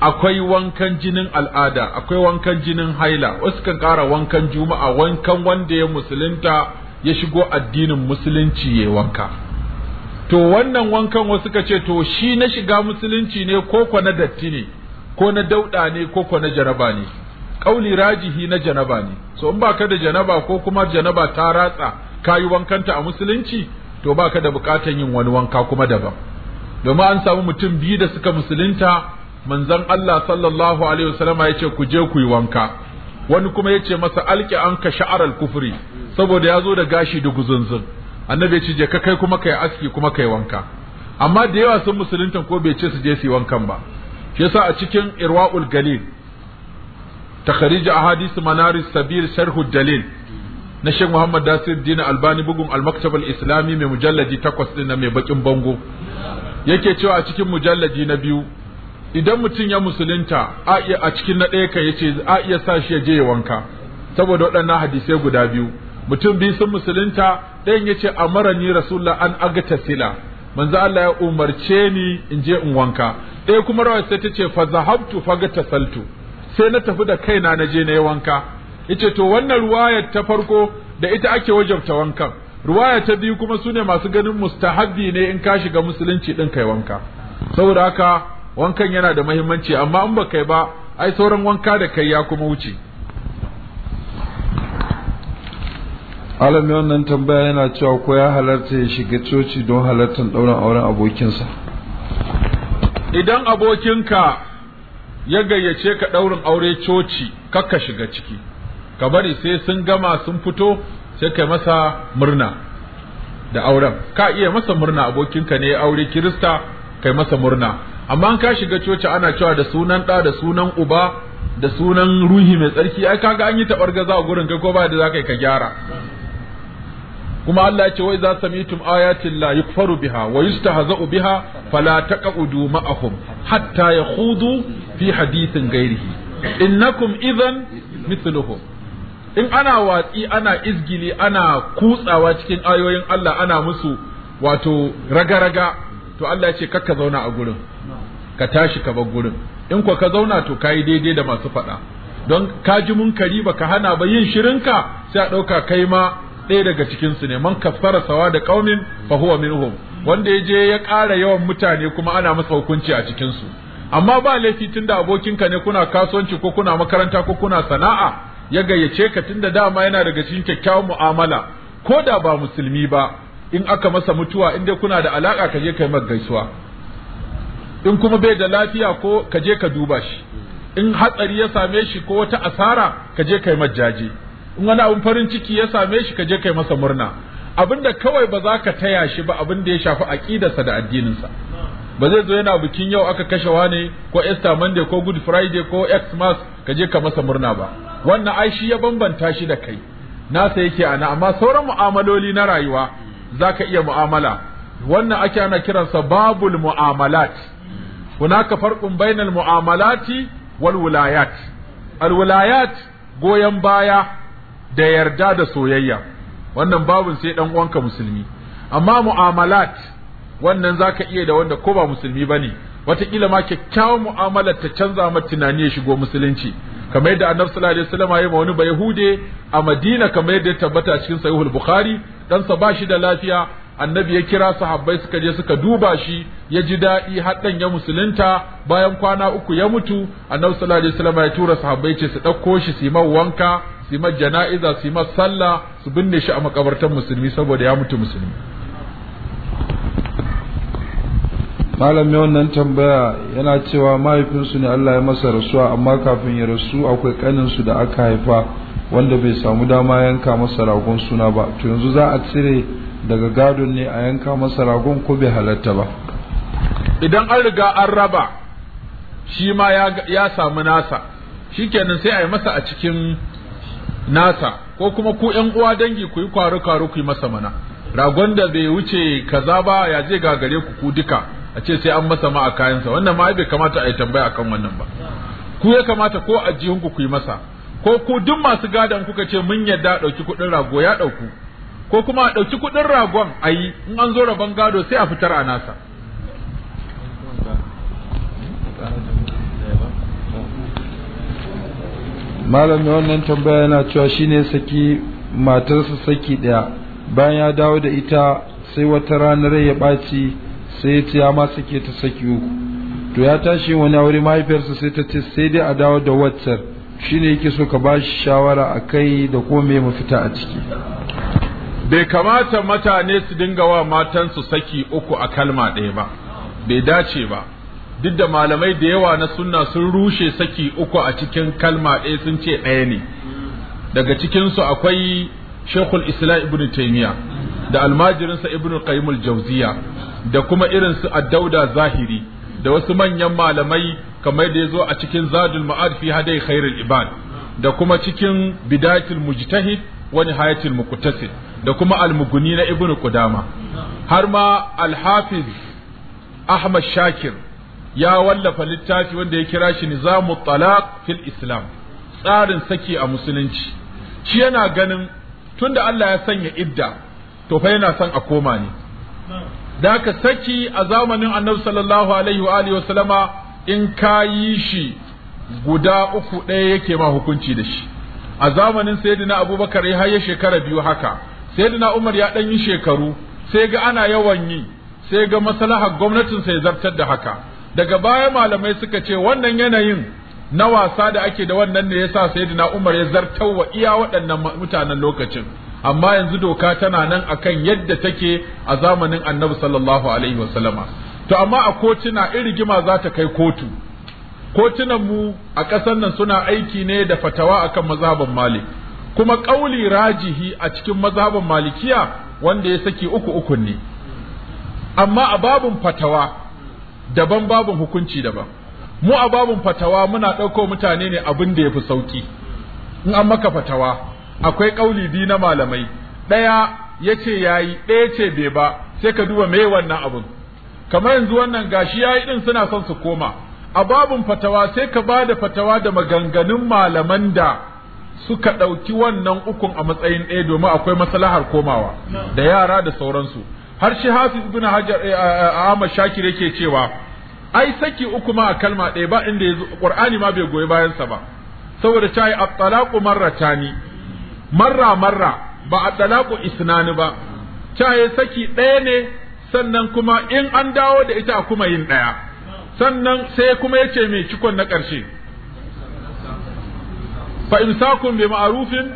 akwai wankan jinin al'ada akwai wankan jinin haila wasu kan kara wankan juma'a wankan wanda ya musulunta ya shigo addinin musulunci ya wanka to wannan wankan wasu ka ce to shi na shiga musulunci ne ko kwa na datti ne ko na dauɗa ne ko kwa na janaba ne ƙauli rajihi na janaba ne so in baka da janaba ko kuma janaba ta ratsa kayi wankanta a musulunci to baka da bukatan yin wani wanka kuma daban domin an samu mutum biyu da suka musulunta manzon Allah sallallahu alaihi wasallama yace ku je ku yi wanka wani kuma yace masa alki anka sha'aral kufuri. saboda ya zo da gashi da guzunzun annabi ya ce je ka kai kuma kai aski kuma kai wanka amma da yawa sun musulunta ko bai ce su je su yi wankan ba shi yasa a cikin irwaul galil takharij ahadith manaris Sabir sharhu dalil na Sheikh Muhammad Dasir Dina Albani bugun al-Maktab al-Islami mai mujalladi takwas din mai bakin bango yake cewa a cikin mujalladi na biyu idan mutum ya musulunta a iya a cikin na ɗaya ka yace a iya sa shi ya je ya wanka saboda waɗannan hadisai guda biyu mutum biyu sun musulunta ɗayan yace amarani rasulullah an agata sila manzo Allah ya umarce ni in je in wanka ɗaya kuma rawar sai ta ce fa zahabtu fa saltu sai na tafi da kaina na je na yi wanka yace to wannan ruwayar ta farko da ita ake wajabta wankan ruwaya ta biyu kuma su ne masu ganin mustahabbi ne in ka shiga musulunci ɗin kai wanka saboda haka wankan yana da muhimmanci amma in baka kai ba ai sauran wanka da kai ya kuma wuce Alamai wannan tambaya yana cewa ko ya halarta ya shiga coci don halartar ɗaurin auren abokinsa idan abokinka ya gayyace ka ɗaurin aure coci kakka shiga ciki ka bari sai sun gama sun fito sai kai masa murna da auren ka iya masa murna abokinka ne aure kirista kai masa murna amma an ka shiga coci ana cewa da sunan ɗa da sunan uba da sunan ruhi mai tsarki ai kaga an yi tabar gaza a gurin kai ko ba da zaka ka gyara kuma Allah ya ce wai za samitum ayatin la yukfaru biha wa yustahza'u biha fala taqudu ma'ahum hatta yakhudu fi hadithin ghairihi innakum idhan mithluhum in ana watsi ana izgili ana kutsawa cikin ayoyin Allah ana musu wato raga-raga to Allah ya ce kakka zauna a gurin ka tashi ka bar gurin in ko ka zauna to kayi daidai da masu faɗa don ka ji munkari ka hana ba yin shirinka sai a ɗauka kai ma ɗaya daga cikin su ne man kafara sawa da qaumin fa huwa minhum wanda ya je ya ƙara yawan mutane kuma ana masa hukunci a cikin su amma ba laifi tunda abokinka ne kuna kasuwanci ko kuna makaranta ko kuna sana'a ya gayyace ka tunda dama yana daga cikin kyakkyawan mu'amala ko da ba musulmi ba in aka masa mutuwa in dai kuna da alaka ka je kai gaisuwa in kuma bai da lafiya ko ka je ka duba shi in hatsari ya same shi ko wata asara ka je kai majaji in wani abin farin ciki ya same shi ka je kai masa murna abinda kawai ba za ka taya shi ba abin da ya shafi aqidarsa da addininsa ba zai zo yana bikin yau aka kashe wane ko Easter Monday ko Good Friday ko Xmas ka je ka masa murna ba wannan ai shi ya bambanta shi da kai nasa yake ana amma sauran mu'amaloli na rayuwa zaka iya mu'amala wannan ake ana kiransa babul mu'amalat هناك فرق بين mu'amalati والولايات الولايات goyan baya da yarda da soyayya wannan babun sai dan uwanka musulmi amma mu'amalat wannan zaka iya da wanda ko ba musulmi bane wataƙila ma kyakkyawan mu'amalar ta canza ma tunani ya shigo musulunci kamar yadda annabi sallallahu alaihi wasallam ya ma wani bayahude a Madina kamar yadda ya tabbata cikin sahihul bukhari dan sa bashi da lafiya annabi ya kira sahabbai suka je suka duba shi ya ji daɗi haɗan ya musulunta bayan kwana uku ya mutu annabi sallallahu alaihi wasallam ya tura sahabbai ce su ɗauko shi su yi wanka su yi jana'iza su yi sallah su binne shi a makabartan musulmi saboda ya mutu musulmi malam yawan wannan tambaya yana cewa mahaifinsu ne Allah ya masa rasuwa amma kafin ya rasu akwai ƙaninsu da aka haifa wanda bai samu dama yanka masa ragon suna ba to yanzu za a cire daga gadon ne a yanka masa ragon ko bai halatta ba idan an riga an raba shi ma ya samu nasa shikenan sai a yi masa a cikin nasa ko kuma ku yan uwa dangi ku yi kwaru kwaru ku yi masa mana ragon da bai wuce kaza ba ya je gagare ku ku duka a ce sai an masa ma a kayansa wannan ma bai kamata a yi tambaya akan wannan ba ku ya kamata ko a jihunku ku yi masa ko ku duk masu gadon kuka ce mun yadda ɗauki kuɗin rago ya ɗauku ko kuma a ɗauki kuɗin ragon a yi in an zo rabon gado sai a fitar a nasa malam wannan tambaya yana cewa shi shine saki matarsa saki daya bayan ya dawo da ita sai wata ranar ya ɓaci sai ya ce ya ma sake ta saki uku to ya tashi wani aure mahaifiyarsa sai ta ce sai dai a dawo da waccar shine yake so ka ba shi shawara a kai da kuma mai mafita a ciki bai kamata mutane su dinga wa matansu saki uku a kalma ɗaya ba bai dace ba duk da malamai da yawa na sunna sun rushe saki uku a cikin kalma ɗaya sun ce ɗaya ne daga cikinsu akwai shekul islam ibn taimiya da almajirinsa ibn qayyimul jauziya da kuma irin su addauda zahiri da wasu manyan malamai kamar da ya zo a cikin zadul ma'ad fi hadai khairul ibad da kuma cikin bidayatul mujtahid wa nihayatul muqtasid da kuma almuguni na ibn qudama har ma alhafiz ahmad shakir ya wallafa littafi wanda ya kira shi nizamu talaq fil islam tsarin saki a musulunci shi yana ganin tunda Allah ya sanya idda to fa yana son a koma ne da ka saki a zamanin annabi sallallahu alaihi wa alihi wasallama in ka yi shi guda uku ɗaya yake ma hukunci da shi a zamanin sayyidina abubakar ya haye shekara biyu haka sayyidina umar ya ɗan yi shekaru sai ga ana yawan yi sai ga maslahar gwamnatin sai zartar da haka daga baya malamai suka ce wannan yanayin na wasa da ake da wannan ne yasa sayyidina Umar ya zartawa iya waɗannan mutanen lokacin amma yanzu doka tana nan akan yadda take a zamanin Annabi sallallahu alaihi wasallama to amma a kotuna in rigima za ta kai kotu kotunan mu a ƙasar nan suna aiki ne da fatawa akan mazhaban Malik kuma ƙauli rajihi a cikin mazhaban Malikiya wanda ya saki uku uku ne amma a babun fatawa daban babin hukunci daban mu a babun fatawa muna ɗauko mutane ne abin da ya fi sauƙi in an maka fatawa akwai ƙauli biyu na malamai ɗaya ya ce ya yi ɗaya ce bai ba sai ka duba me wannan abun kamar yanzu wannan gashi ya yi ɗin suna son su koma a babun fatawa sai ka ba da fatawa da maganganun malaman da suka ɗauki wannan ukun a matsayin ɗaya domin akwai maslahar komawa da yara da sauransu har shi hafiz ibn hajar eh, eh, eh, ahmad shakir yake cewa ai saki uku ma a kalma ɗaya ba inda yazo qur'ani ma bai goyi bayan sa ba saboda cai at-talaqu marratani marra marra ba at-talaqu isnani ba cai saki ɗaya ne sannan kuma in an dawo da ita kuma yin ɗaya sannan sai kuma yace mai cikon na ƙarshe fa imsakun bi ma'rufin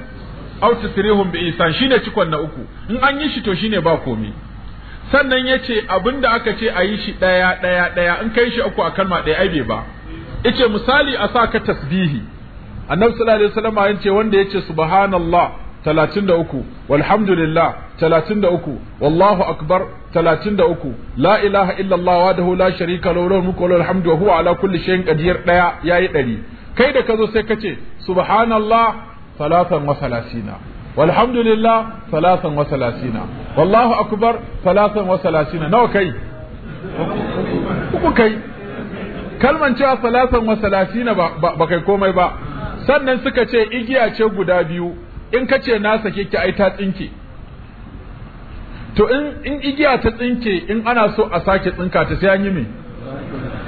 aw tasrihum bi ihsan shine cikon na uku in an yi shi to shine ba komai sannan ya ce abin da aka ce a yi shi ɗaya ɗaya ɗaya in kai shi uku a kalma ɗaya ai ba Ice misali a sa ka tasbihi annabi sallallahu alaihi wasallam ya ce wanda yace subhanallah 33 walhamdulillah 33 wallahu akbar 33 la ilaha illallah wahdahu la sharika lahu lahul mulku wa alhamdu wa huwa ala kulli shay'in qadir daya yayi 100 kai da kazo sai kace subhanallah talatin wa walhamdulillah salasan wa salasina wallahu akbar salasan wa salasina nawa kai uku kai kalman cewa salasan wa salasina ba komai ba sannan suka ce igiya ce guda biyu in ka ce na sake ki ai ta tsinke to in igiya ta tsinke in ana so a sake tsinka ta sai an yi me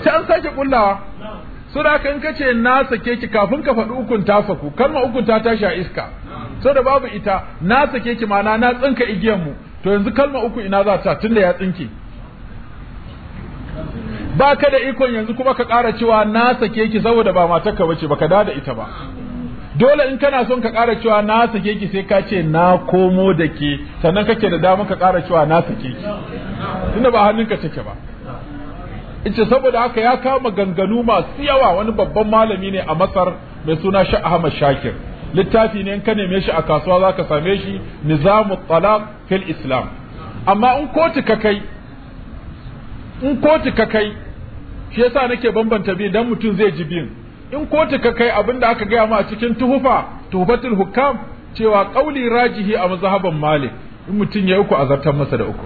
sai an sake kullawa Sura kan kace na sake ki kafin ka faɗi ukun ta saku kalma ukun ta tashi a iska so da babu ita na sake ki mana na tsinka igiyan mu to yanzu kalma uku ina za ta tunda ya tsinke ba ka da ikon yanzu kuma ka ƙara cewa na sake ki saboda ba matarka bace baka da da ita ba dole in kana son ka ƙara cewa na sake ki sai ka ce na komo da ke sannan kake da damar ka ƙara cewa na sake ki tunda ba hannunka take ba in ce saboda haka ya kama ganganu masu yawa wani babban malami ne a masar mai suna shi ahmad shakir littafi ne in ka neme shi a kasuwa za ka same shi nizamu talaq fil islam amma in kotu ka kai in kotu ka kai shi yasa nake bambanta biyu dan mutum zai ji biyun in kotu ka kai abinda aka gaya ma a cikin tuhufa Tuhufatin hukam cewa kauli rajihi a mazhaban malik in mutum ya uku a zartar masa da uku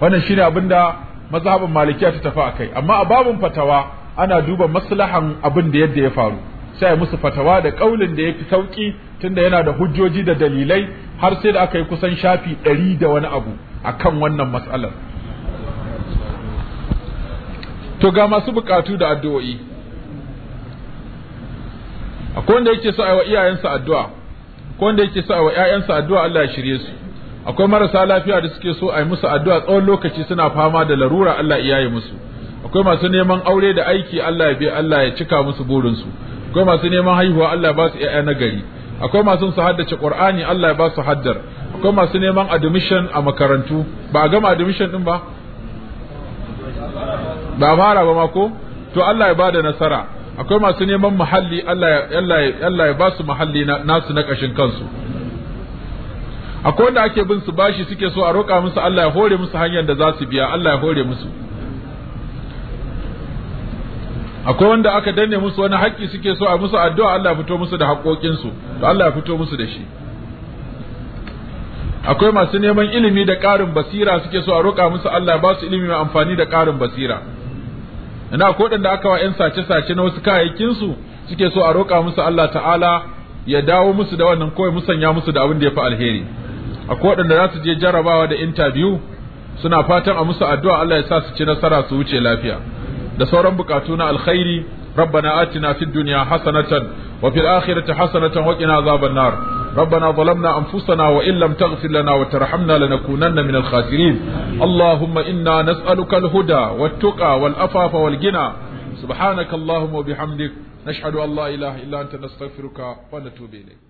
wannan shine abinda mazhabin malikiya ta tafi akai amma a babun fatawa ana duba maslahan abin da yadda ya faru sai musu fatawa da kaulin da yafi sauki tunda yana da hujjoji da dalilai har sai da aka yi kusan shafi ɗari da wani abu akan wannan matsalar to ga masu bukatu da addu'o'i akwai wanda yake so a wa iyayensa addu'a akwai wanda yake so wa 'ya'yansa addu'a Allah ya shirye su akwai marasa lafiya da suke so a yi musu addu'a tsawon lokaci suna fama da larura Allah ya yi musu akwai masu neman aure da aiki Allah ya bi Allah ya cika musu burinsu akwai masu neman haihuwa Allah ya ba su ƴaƴa na gari akwai masu su haddace Qur'ani Allah ya ba su haddar akwai masu neman admission a makarantu ba a gama admission din ba ba fara ba ma ko to Allah ya bada nasara akwai masu neman muhalli Allah ya Allah ya ba su muhalli nasu na kashin kansu akwai wanda ake bin su bashi suke so a roƙa musu Allah ya hore musu hanyar da za su biya Allah ya hore musu akwai wanda aka danne musu wani haƙƙi suke so a musu addu'a Allah ya fito musu da haƙƙoƙinsu. to Allah ya fito musu da shi akwai masu neman ilimi da ƙarin basira suke so a roƙa musu Allah ya ba su ilimi mai amfani da ƙarin basira ina akwai da aka wa 'yan sace-sace na wasu kayayyakinsu suke so a roƙa musu Allah ta'ala ya dawo musu da wannan kawai musanya musu da abin da ya fi alheri akwai waɗanda za su je jarabawa da interview suna fatan a musu addu'a Allah ya sa su ci nasara su wuce lafiya da sauran bukatu na alkhairi ربنا آتنا في الدنيا حسنة وفي الآخرة حسنة وقنا عذاب النار ربنا ظلمنا أنفسنا وإن لم تغفر لنا وترحمنا لنكونن من الخاسرين اللهم إنا نسألك الهدى والتقى والأفاف والجنى سبحانك اللهم وبحمدك نشهد أن لا إله إلا أنت نستغفرك ونتوب إليك